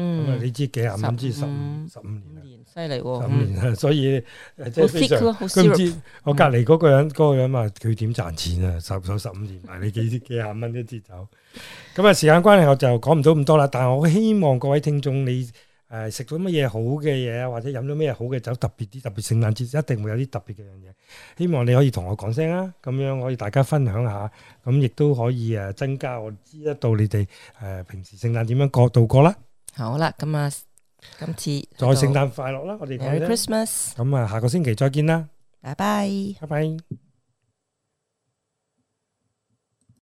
嗯，你知幾廿蚊至十十五，十五年啊，犀利十五年啊，所以即係佢唔知我隔離嗰個人嗰個人啊，佢點賺錢啊？十手十五年賣你幾幾廿蚊一支酒。咁啊，時間關係我就講唔到咁多啦。但我希望各位聽眾你誒食咗乜嘢好嘅嘢啊，或者飲咗咩好嘅酒特別啲，特別聖誕節一定會有啲特別嘅樣嘢。希望你可以同我講聲啊，咁樣可以大家分享下，咁亦都可以誒增加我知得到你哋誒平時聖誕點樣過度過啦。好啦，咁啊，今次再聖誕快樂啦，我哋 Merry Christmas，咁啊，下個星期再見啦，拜拜，拜拜。